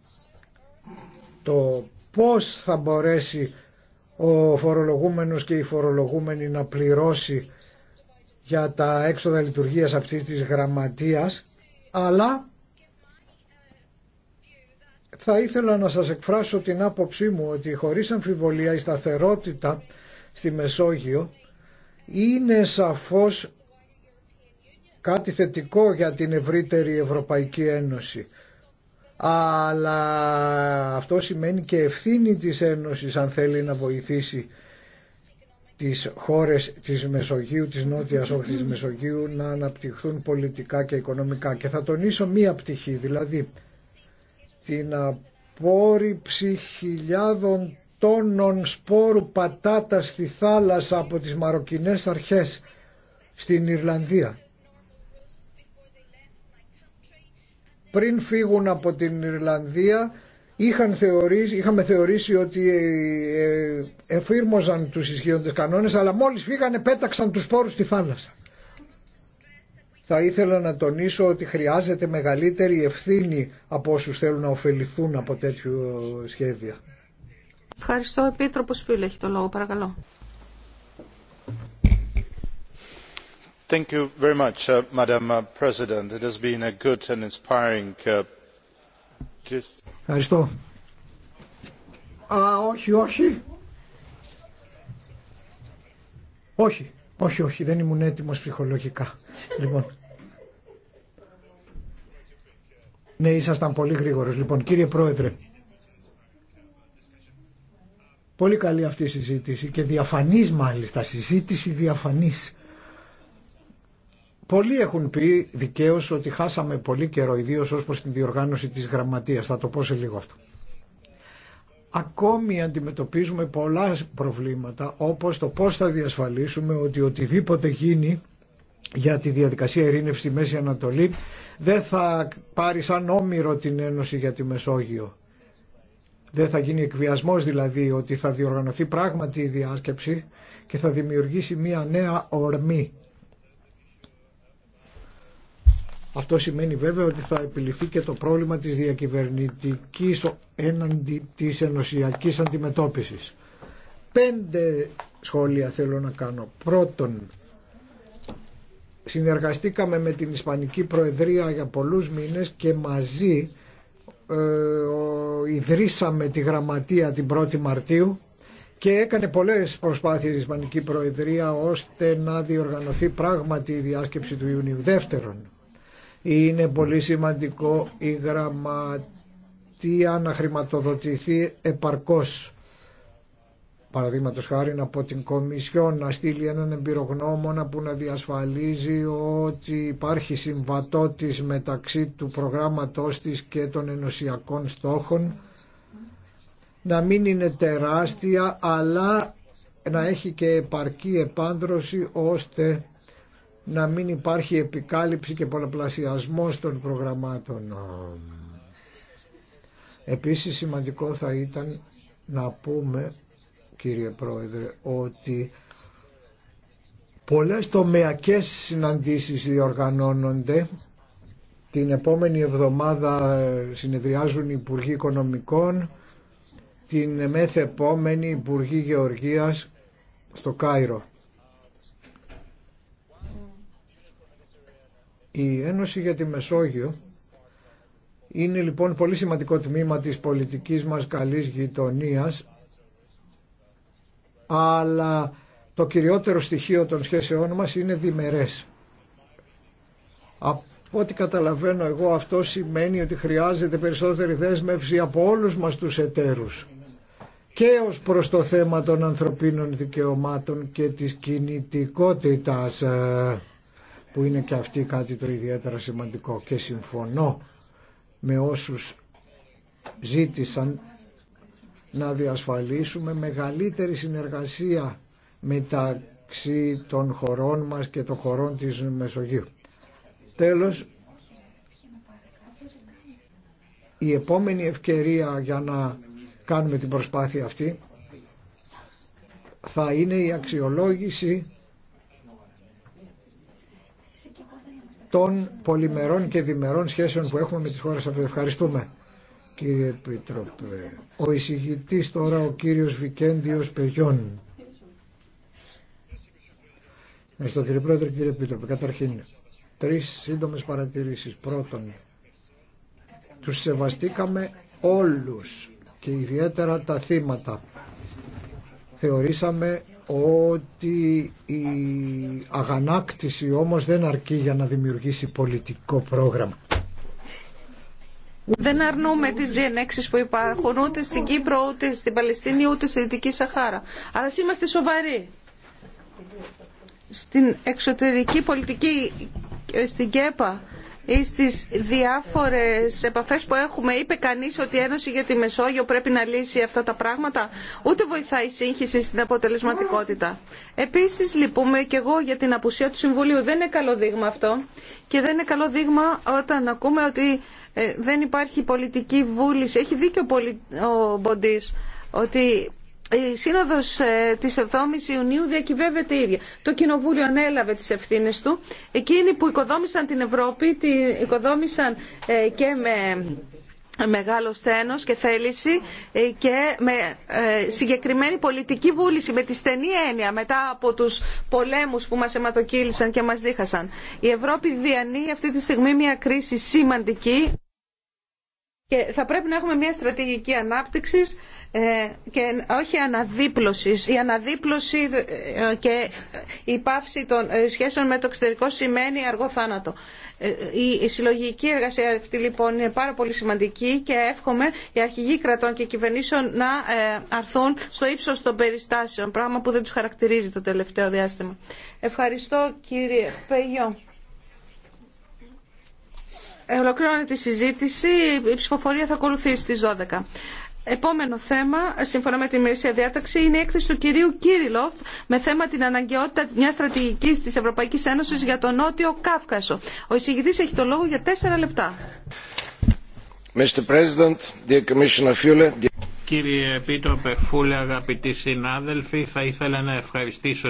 το πώς θα μπορέσει ο φορολογούμενος και η φορολογούμενη να πληρώσει για τα έξοδα λειτουργίας αυτής της γραμματείας αλλά θα ήθελα να σας εκφράσω την άποψή μου ότι χωρίς αμφιβολία η σταθερότητα στη Μεσόγειο είναι σαφώς κάτι θετικό για την ευρύτερη Ευρωπαϊκή Ένωση. Αλλά αυτό σημαίνει και ευθύνη της Ένωσης αν θέλει να βοηθήσει τις χώρες της Μεσογείου, της Νότιας Όχθης Μεσογείου να αναπτυχθούν πολιτικά και οικονομικά. Και θα τονίσω μία πτυχή, δηλαδή την απόρριψη χιλιάδων τόνων σπόρου πατάτας στη θάλασσα από τις μαροκινές αρχές στην Ιρλανδία. Πριν φύγουν από την Ιρλανδία Είχαν θεωρήσει, είχαμε θεωρήσει ότι ε, ε, εφήρμοζαν τους ισχύοντες κανόνες αλλά μόλις φύγανε πέταξαν τους σπόρους στη θάλασσα. Θα ήθελα να τονίσω ότι χρειάζεται μεγαλύτερη ευθύνη από όσους θέλουν να ωφεληθούν από τέτοιου σχέδια. Ευχαριστώ. Επίτροπος Φίλε έχει το λόγο. Παρακαλώ. Thank you very much, uh, Madam uh, President. It has been a good and inspiring uh, Ευχαριστώ. Α, όχι, όχι. Όχι, όχι, όχι, δεν ήμουν έτοιμος ψυχολογικά. λοιπόν. Ναι, ήσασταν πολύ γρήγορος. Λοιπόν, κύριε Πρόεδρε, πολύ καλή αυτή η συζήτηση και διαφανής μάλιστα, συζήτηση διαφανής. Πολλοί έχουν πει δικαίω ότι χάσαμε πολύ καιρό, ιδίω ω προ την διοργάνωση τη γραμματεία. Θα το πω σε λίγο αυτό. Ακόμη αντιμετωπίζουμε πολλά προβλήματα, όπως το πώς θα διασφαλίσουμε ότι οτιδήποτε γίνει για τη διαδικασία ειρήνευσης στη Μέση Ανατολή δεν θα πάρει σαν όμοιρο την Ένωση για τη Μεσόγειο. Δεν θα γίνει εκβιασμός δηλαδή ότι θα διοργανωθεί πράγματι η διάσκεψη και θα δημιουργήσει μια νέα ορμή Αυτό σημαίνει βέβαια ότι θα επιληθεί και το πρόβλημα της διακυβερνητικής έναντι της ενωσιακής αντιμετώπισης. Πέντε σχόλια θέλω να κάνω. Πρώτον, συνεργαστήκαμε με την Ισπανική Προεδρία για πολλούς μήνες και μαζί ε, ιδρύσαμε τη γραμματεία την 1η Μαρτίου και έκανε πολλές προσπάθειες η Ισπανική Προεδρία ώστε να διοργανωθεί πράγματι η διάσκεψη του Ιουνίου. Δεύτερον, είναι πολύ σημαντικό η γραμματεία να χρηματοδοτηθεί επαρκώς. Παραδείγματος χάρη από την Κομισιόν να στείλει έναν εμπειρογνώμονα που να διασφαλίζει ότι υπάρχει συμβατότης μεταξύ του προγράμματός της και των ενωσιακών στόχων να μην είναι τεράστια αλλά να έχει και επαρκή επάνδρωση ώστε να μην υπάρχει επικάλυψη και πολλαπλασιασμός των προγραμμάτων. Επίσης σημαντικό θα ήταν να πούμε, κύριε Πρόεδρε, ότι πολλές τομεακές συναντήσεις διοργανώνονται. Την επόμενη εβδομάδα ε, συνεδριάζουν οι Υπουργοί Οικονομικών, την μεθεπόμενη Υπουργή Γεωργίας στο Κάιρο. Η Ένωση για τη Μεσόγειο είναι λοιπόν πολύ σημαντικό τμήμα της πολιτικής μας καλής γειτονίας αλλά το κυριότερο στοιχείο των σχέσεών μας είναι διμερές. Από ό,τι καταλαβαίνω εγώ αυτό σημαίνει ότι χρειάζεται περισσότερη δέσμευση από όλους μας τους εταίρους και ως προς το θέμα των ανθρωπίνων δικαιωμάτων και της κινητικότητας που είναι και αυτή κάτι το ιδιαίτερα σημαντικό και συμφωνώ με όσους ζήτησαν να διασφαλίσουμε μεγαλύτερη συνεργασία μεταξύ των χωρών μας και των χωρών της Μεσογείου. Τέλος, η επόμενη ευκαιρία για να κάνουμε την προσπάθεια αυτή θα είναι η αξιολόγηση των πολυμερών και διμερών σχέσεων που έχουμε με τις χώρες αυτές. Ευχαριστούμε κύριε Επιτροπέ. Ο εισηγητής τώρα ο κύριος Βικέντιος Πεγιών. Ευχαριστώ κύριε Πρόεδρε, κύριε πίτροπε. Καταρχήν, τρεις σύντομες παρατηρήσεις. Πρώτον, τους σεβαστήκαμε όλους και ιδιαίτερα τα θύματα. Θεωρήσαμε ότι η αγανάκτηση όμως δεν αρκεί για να δημιουργήσει πολιτικό πρόγραμμα. Δεν αρνούμε τις διενέξεις που υπάρχουν ούτε στην Κύπρο, ούτε στην Παλαιστίνη, ούτε στη Δυτική Σαχάρα. Αλλά είμαστε σοβαροί. Στην εξωτερική πολιτική, ε, στην ΚΕΠΑ, στις διάφορες επαφές που έχουμε είπε κανείς ότι η Ένωση για τη Μεσόγειο πρέπει να λύσει αυτά τα πράγματα ούτε βοηθάει η σύγχυση στην αποτελεσματικότητα. Επίσης λυπούμε και εγώ για την απουσία του Συμβουλίου. Δεν είναι καλό δείγμα αυτό και δεν είναι καλό δείγμα όταν ακούμε ότι ε, δεν υπάρχει πολιτική βούληση. Έχει δίκιο ο Μποντής ότι η σύνοδος ε, της 7 η Ιουνίου διακυβεύεται ίδια. Το Κοινοβούλιο ανέλαβε τις ευθύνες του. Εκείνοι που οικοδόμησαν την Ευρώπη, την οικοδόμησαν ε, και με μεγάλο στένος και θέληση ε, και με συγκεκριμένη πολιτική βούληση, με τη στενή έννοια μετά από τους πολέμους που μας αιματοκύλησαν και μας δίχασαν. Η Ευρώπη διανύει αυτή τη στιγμή μια κρίση σημαντική και θα πρέπει να έχουμε μια στρατηγική ανάπτυξης ε, και όχι αναδίπλωσης. Η αναδίπλωση ε, και η πάυση των ε, σχέσεων με το εξωτερικό σημαίνει αργό θάνατο. Η συλλογική εργασία αυτή λοιπόν είναι πάρα πολύ σημαντική και εύχομαι οι αρχηγοί κρατών και κυβερνήσεων να αρθούν στο ύψος των περιστάσεων, πράγμα που δεν τους χαρακτηρίζει το τελευταίο διάστημα. Ευχαριστώ κύριε Πεγιό. Ολοκληρώνεται τη συζήτηση. Η ψηφοφορία θα ακολουθήσει στις 12. Επόμενο θέμα, σύμφωνα με την ημερήσια διάταξη, είναι η έκθεση του κυρίου Κύριλοφ με θέμα την αναγκαιότητα μια στρατηγική τη Ευρωπαϊκή Ένωση για τον Νότιο Κάφκασο. Ο εισηγητή έχει το λόγο για τέσσερα λεπτά. Mr. President, dear Commissioner Fule... Κύριε Πίτροπε Φούλε, αγαπητοί συνάδελφοι, θα ήθελα να ευχαριστήσω